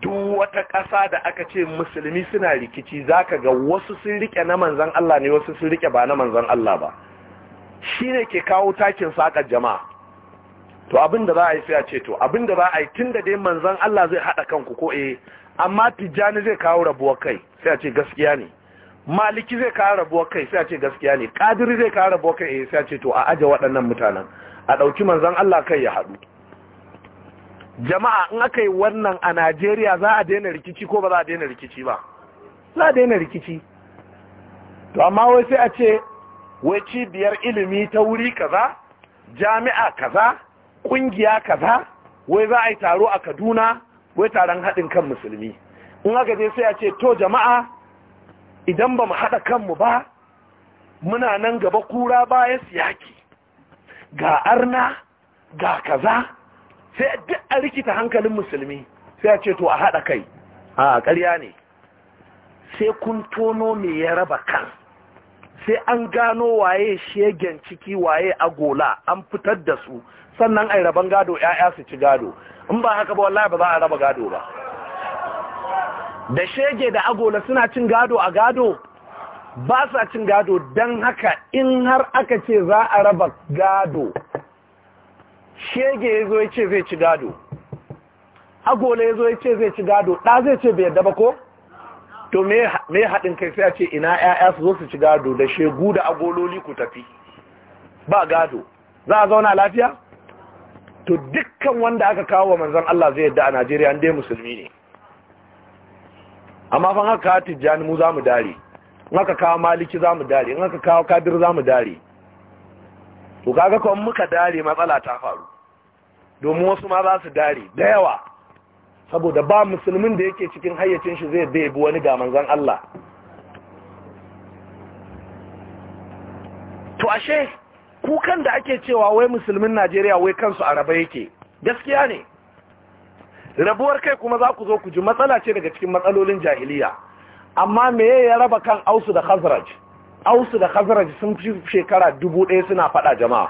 duk wata ƙasa da aka ce musulmi suna rikici za ka ga wasu sun rike na manzan Allah ne wasu sun rike ba na manzan Allah ba Shi ne ke kawo takin saƙar jama'a to abin da za a yi sai a ce to abin da za a yi tun da dai manzan Allah zai haɗa kanku ko eh amma tijjani zai kawo rabuwar kai sai a ce gaskiya ne maliki zai kawo rabuwar kai sai a ce gaskiya ne kadiri zai kawo rabuwar kai eh, sai a ce to a aje waɗannan mutanen a ɗauki manzan Allah kai ya haɗu jama'a in aka yi wannan a Najeriya za a daina rikici ko ba za a daina rikici ba za a daina rikici to amma wai sai a ce wai cibiyar ilimi ta wuri kaza jami'a kaza kungiya kaza wai za a yi taro a Kaduna wai taron haɗin kan musulmi in aka je sai a ce to jama'a idan ba mu haɗa kanmu ba muna nan gaba kura baya siyaki ga arna ga kaza sai duk a rikita hankalin musulmi sai a ce to a haɗa kai a ƙarya ne sai kun tono me ya raba kan sai an gano waye shegen ciki waye agola an fitar da su sannan yi raban gado ya'ya su ci gado in ba haka ba wallahi ba za a raba gado ba da shege da agola suna cin gado a gado ba sa cin gado don haka in har aka ce za a raba gado shege ya zo ya ce zai ci gado agola ya zo ya ce zai ci gado ɗa zai ce bai yadda ba ko to me haɗin kai sai a ce ina 'ya'ya su zo su ci gado da shegu da agololi ku tafi ba gado za a zauna lafiya to dukkan wanda aka kawo wa manzan Allah zai yadda a Najeriya an dai musulmi ne amma fa haka tijjani mu za mu dare in haka kawo maliki za mu dare in haka kawo kadir za mu dare to kaga kuma muka dare matsala ta faru domin wasu ma za su dare da yawa saboda ba musulmin da yake cikin hayyacin shi zai bi wani ga manzan Allah to ashe kukan da ake cewa wai musulmin Najeriya wai kansu araba yake gaskiya ne rabuwar kai kuma za ku zo ku ji matsala ce daga cikin matsalolin jahiliya amma me ya raba kan ausu da khazraj ausu da khazraj sun fi shekara dubu ɗaya suna faɗa jama'a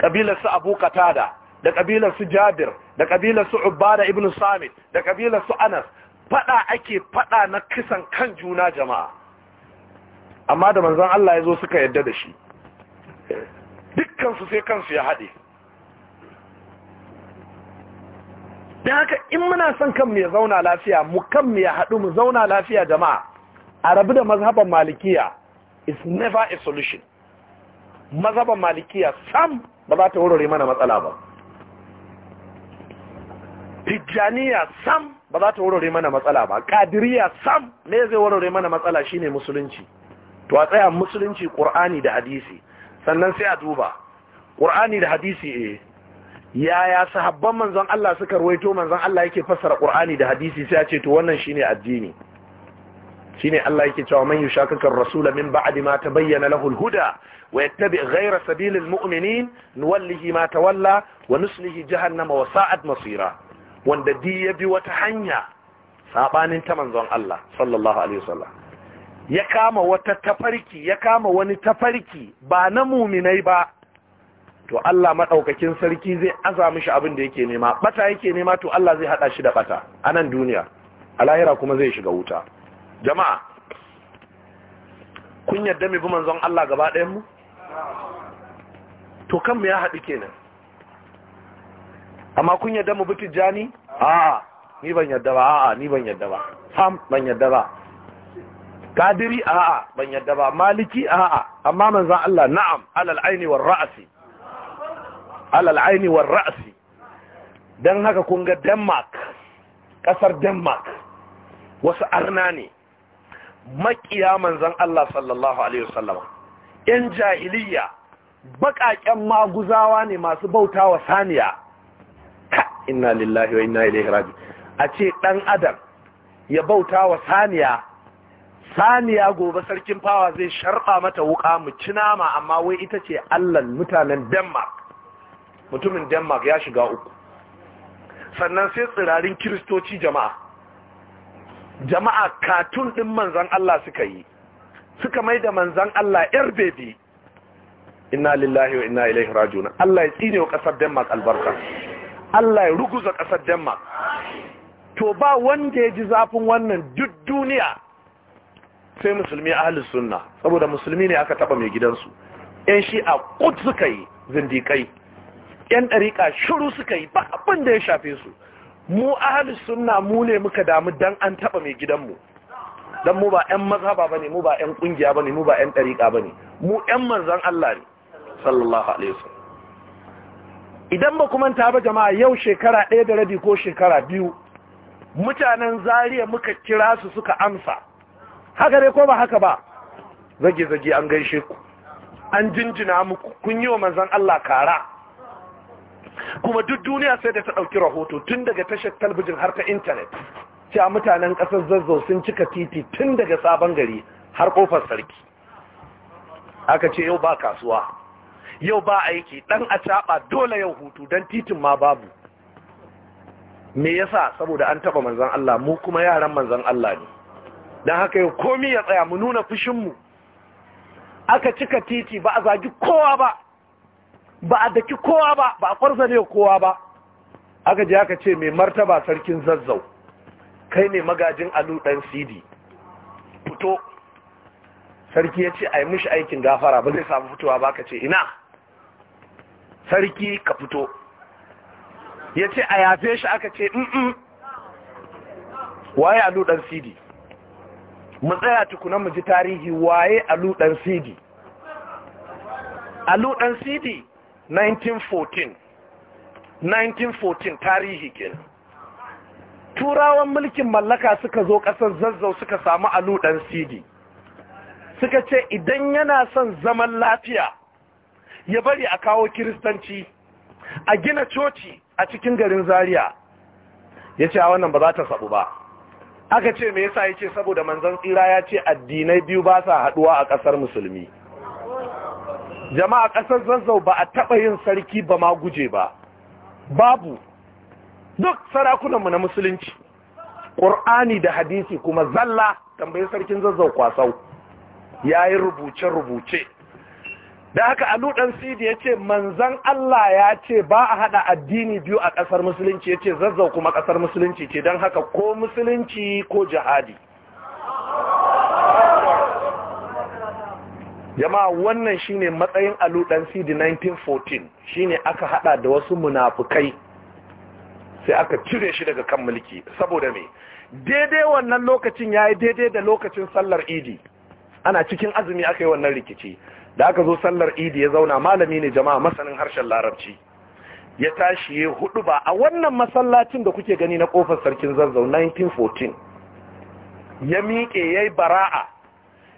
ƙabilarsu su abu katada da kabilar su Jabir da kabilar su Ubada ibn Samit da kabilar su Anas fada ake fada na kisan kan juna jama'a amma da manzon Allah ya zo suka yadda da shi dukkan sai kansu ya hade da haka in muna son kan ya zauna lafiya mu kan mu ya hadu mu zauna lafiya jama'a a rabu da mazhaban malikiya is never a solution mazhaban malikiya sam ba za ta wurare mana matsala ba tijjaniya sam ba za ta warware mana matsala ba kadiriya sam me zai warware mana matsala shine musulunci to a tsaya musulunci ƙur'ani da hadisi sannan sai a duba Ƙur'ani da hadisi eh yaya sahabban manzon Allah suka ruwaito manzon Allah yake fassara ƙur'ani da hadisi sai a ce to wannan shine addini shine Allah yake cewa man yushakaka ar-rasul min ba'di ma tabayyana lahu al-huda wa yattabi ghayra sabilil mu'minin nuwallihi ma tawalla wa nuslihi jahannama wa sa'at masira wanda di ya bi wata hanya saɓanin ta manzon Allah sallallahu alaihi wasallam ya kama wata tafarki ya kama wani tafarki ba na muminai ba to Allah maɗaukakin sarki zai aza mishi abin da yake nema bata yake nema to Allah zai haɗa shi da bata a nan duniya a lahira kuma zai shiga wuta jama'a kun yarda mu bi manzon Allah gaba ɗayan mu to kan mu ya haɗu kenan amma kun yadda mu bi tijjani a'a ni ban yadda ba a'a ni ban yadda ba sam ban yadda ba kadiri a a'a ban yadda ba maliki a a'a amma manzon Allah na'am alal aini war ra'si alal aini war ra'si dan haka kun ga Denmark kasar Denmark wasu arna ne makiya manzon Allah sallallahu alaihi wasallam yan jahiliya baƙaƙen maguzawa ne masu bautawa saniya inna lillahi wa inna ilaihi raji a ce dan adam ya bauta wa saniya saniya gobe sarkin fawa zai sharba mata wuka mu ci nama amma wai ita ce allan mutanen denmark mutumin denmark ya shiga uku sannan sai tsirarin kiristoci jama'a jama'a katun ɗin manzan allah suka yi suka mai da manzan allah yar bebe inna lillahi wa inna ilaihi rajiun allah ya tsine wa kasar denmark albarka Allah ya ruguza ƙasar Denmark to ba wanda ya ji zafin wannan duk duniya sai musulmi ahalus sunna saboda musulmi ne aka taba mai gidansu yan a kut suka yi zindikai yan ɗariƙa shiru suka yi ba abin da ya shafe su mu ahalus sunna mu ne muka damu don an taba mai gidanmu don mu ba yan mazhaba ne, mu ba yan ba bane mu ba yan ɗariƙa bane mu yan manzon Allah ne sallallahu alaihi wasallam idan ba kuma ta ba jama'a yau shekara ɗaya da rabi ko shekara biyu mutanen zariya muka kira su suka amsa haka dai ko ba haka ba zage-zage an gaishe ku an jinjina muku kun yi wa manzan Allah kara kuma duk duniya sai da ta ɗauki rahoto tun daga tashar talbijin har ta intanet cewa mutanen ƙasar zazzau sun cika titi tun daga sabon gari har ƙofar sarki aka ce yau ba kasuwa yau ba aiki dan a caɓa dole yau hutu don titin ma babu me yasa saboda an taba manzan Allah mu kuma yaran manzan Allah ne Don haka yau komi ya tsaya mu nuna fushinmu? aka cika titi ba a zagi kowa ba ba a daki kowa ba ba a ne kowa ba aka ji aka ce mai martaba sarkin zazzau kai ne magajin alu ɗan sidi fito sarki ya ce a yi mushi aikin gafara ba zai samu fitowa ba ka ce ina sarki ka fito ya ce a yafe shi aka ce mm, mm waye alu dan sidi mu tsaya tukuna mu ji tarihi waye alu dan sidi alu dan sidi 1914 1914 tarihi kenan turawan mulkin mallaka suka zo kasar zazzau suka samu alu dan sidi suka ce idan yana son zaman lafiya ya bari a kawo kiristanci a gina coci a cikin garin zaria ya ce a wannan ba za ta sabu ba aka ce mai yasa ya ce saboda manzan tsira ya ce addinai biyu ba sa haduwa a kasar musulmi jama'a kasar zazzau ba a taba yin sarki ba ma guje ba babu duk sarakunanmu na musulunci ƙur'ani da hadisi kuma zalla tambayi sarkin zazzau kwasau ya yi rubuce-rubuce da haka a ludan sidi ya ce manzan Allah ya ce ba a hada addini biyu a kasar musulunci ya ce zazzau kuma kasar musulunci ce don haka ko musulunci ko jihadi jama'a wannan shine matsayin alu dan sidi 1914 shine aka hada da wasu munafukai sai aka cire shi daga kan mulki saboda me daidai wannan lokacin yayi daidai da lokacin sallar idi ana cikin azumi aka yi wannan rikici da aka zo sallar idi ya zauna malami ne jama'a masanin harshen larabci ya tashi ya hudu ba a wannan masallacin da kuke gani na kofar sarkin zazzau 1914 ya miƙe ya yi bara'a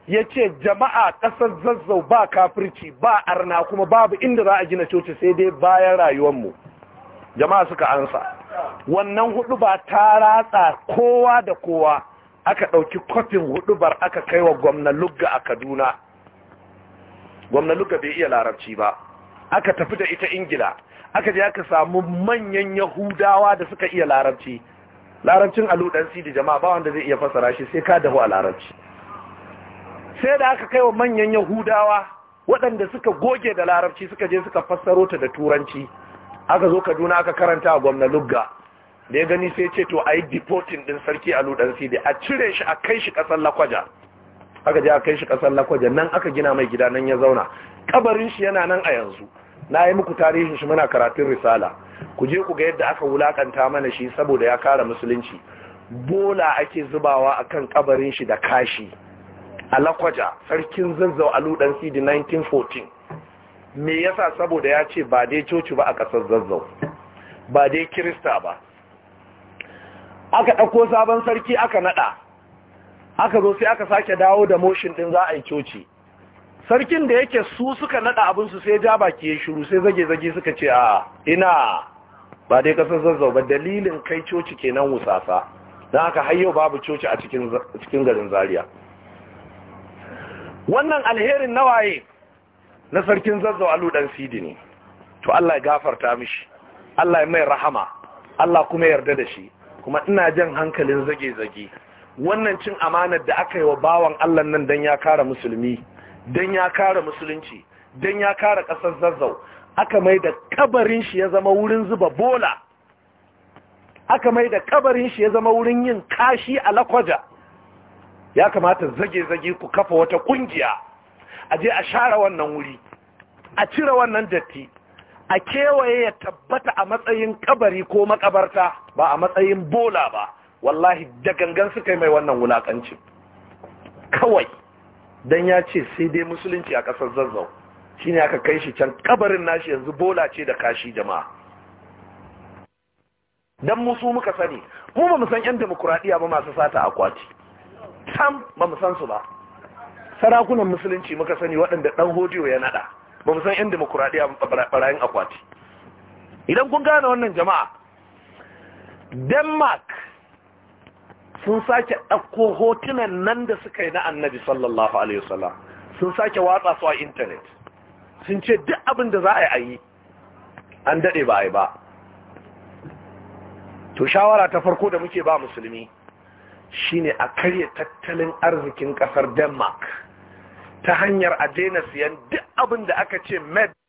ya ce jama'a ƙasar zazzau ba kafirci ba arna kuma babu inda za a gina coci sai dai bayan rayuwanmu jama'a suka ansa wannan hudu ba ta ratsa kowa da kowa aka ɗauki kwafin hudubar aka kai wa gwamna lugga a kaduna gwamna luka bai iya larabci ba aka tafi da ita ingila aka je aka samu manyan yahudawa da suka iya larabci larabcin aludan da jama'a ba wanda zai iya fasara shi sai ka dahu a larabci sai da aka kai wa manyan yahudawa waɗanda suka goge da larabci suka je suka fassaro ta da turanci aka zo ka kaduna aka karanta a gwamna lugga da ya gani sai ce to a yi deporting ɗin sarki aludan sidi a cire shi a kai shi ƙasar lakwaja aka je a kai shi kasar lakwaje nan aka gina mai gida nan ya zauna kabarin shi yana nan a yanzu na yi muku tarihin shi muna karatun risala ku je ku ga yadda aka wulakanta mana shi saboda ya kara musulunci bola ake zubawa a kan kabarin shi da kashi a lakwaja sarkin zazzau a ludan cd 1914 me yasa saboda ya ce ba dai coci ba a kasar zazzau ba dai kirista ba aka ɗauko sabon sarki aka naɗa aka zo sai aka sake dawo da motion din za a yi coci sarkin da yake su suka nada abin su sai ja baki ya shiru sai zage zage suka ce a ina ba dai kasar zazzau ba dalilin kai coci kenan wusasa don aka hayo babu coci a cikin garin Zariya. wannan alherin nawaye na sarkin zazzau a dan sidi ne to Allah ya gafarta mishi Allah ya mai rahama Allah kuma yarda da shi kuma ina jan hankalin zage zage wannan cin amanar da aka yi wa bawan Allah nan dan ya kare musulmi dan ya kare musulunci dan ya kare kasar zazzau aka mai da kabarin shi ya zama wurin zuba bola aka mai da kabarin shi ya zama wurin yin kashi a lakwaja ya kamata zage-zage ku kafa wata kungiya a je a share wannan wuri a cire wannan datti a kewaye ya tabbata a matsayin kabari ko makabarta ba a matsayin bola ba wallahi da gangan suka yi mai wannan wulakancin kawai don ya ce sai dai musulunci a ƙasar zazzau shine aka kai shi can kabarin nashi yanzu bola ce da kashi jama'a Don musu muka sani mu ba musan yan demokuraɗiya ba masu sata akwati Tam ba musan su ba sarakunan musulunci muka sani waɗanda ɗan hodiyo ya naɗa ba san yan demokuraɗiyya barayin akwati idan kun gane wannan jama'a denmark sun sake ɗauko hotunan nan da suka yi na annabi sallallahu alaihi wasallam sun sake watsa su a intanet sun ce duk abin da za a yi a an daɗe ba a yi ba to shawara ta farko da muke ba musulmi shine a karya tattalin arzikin ƙasar denmark ta hanyar a daina siyan duk abin da aka ce med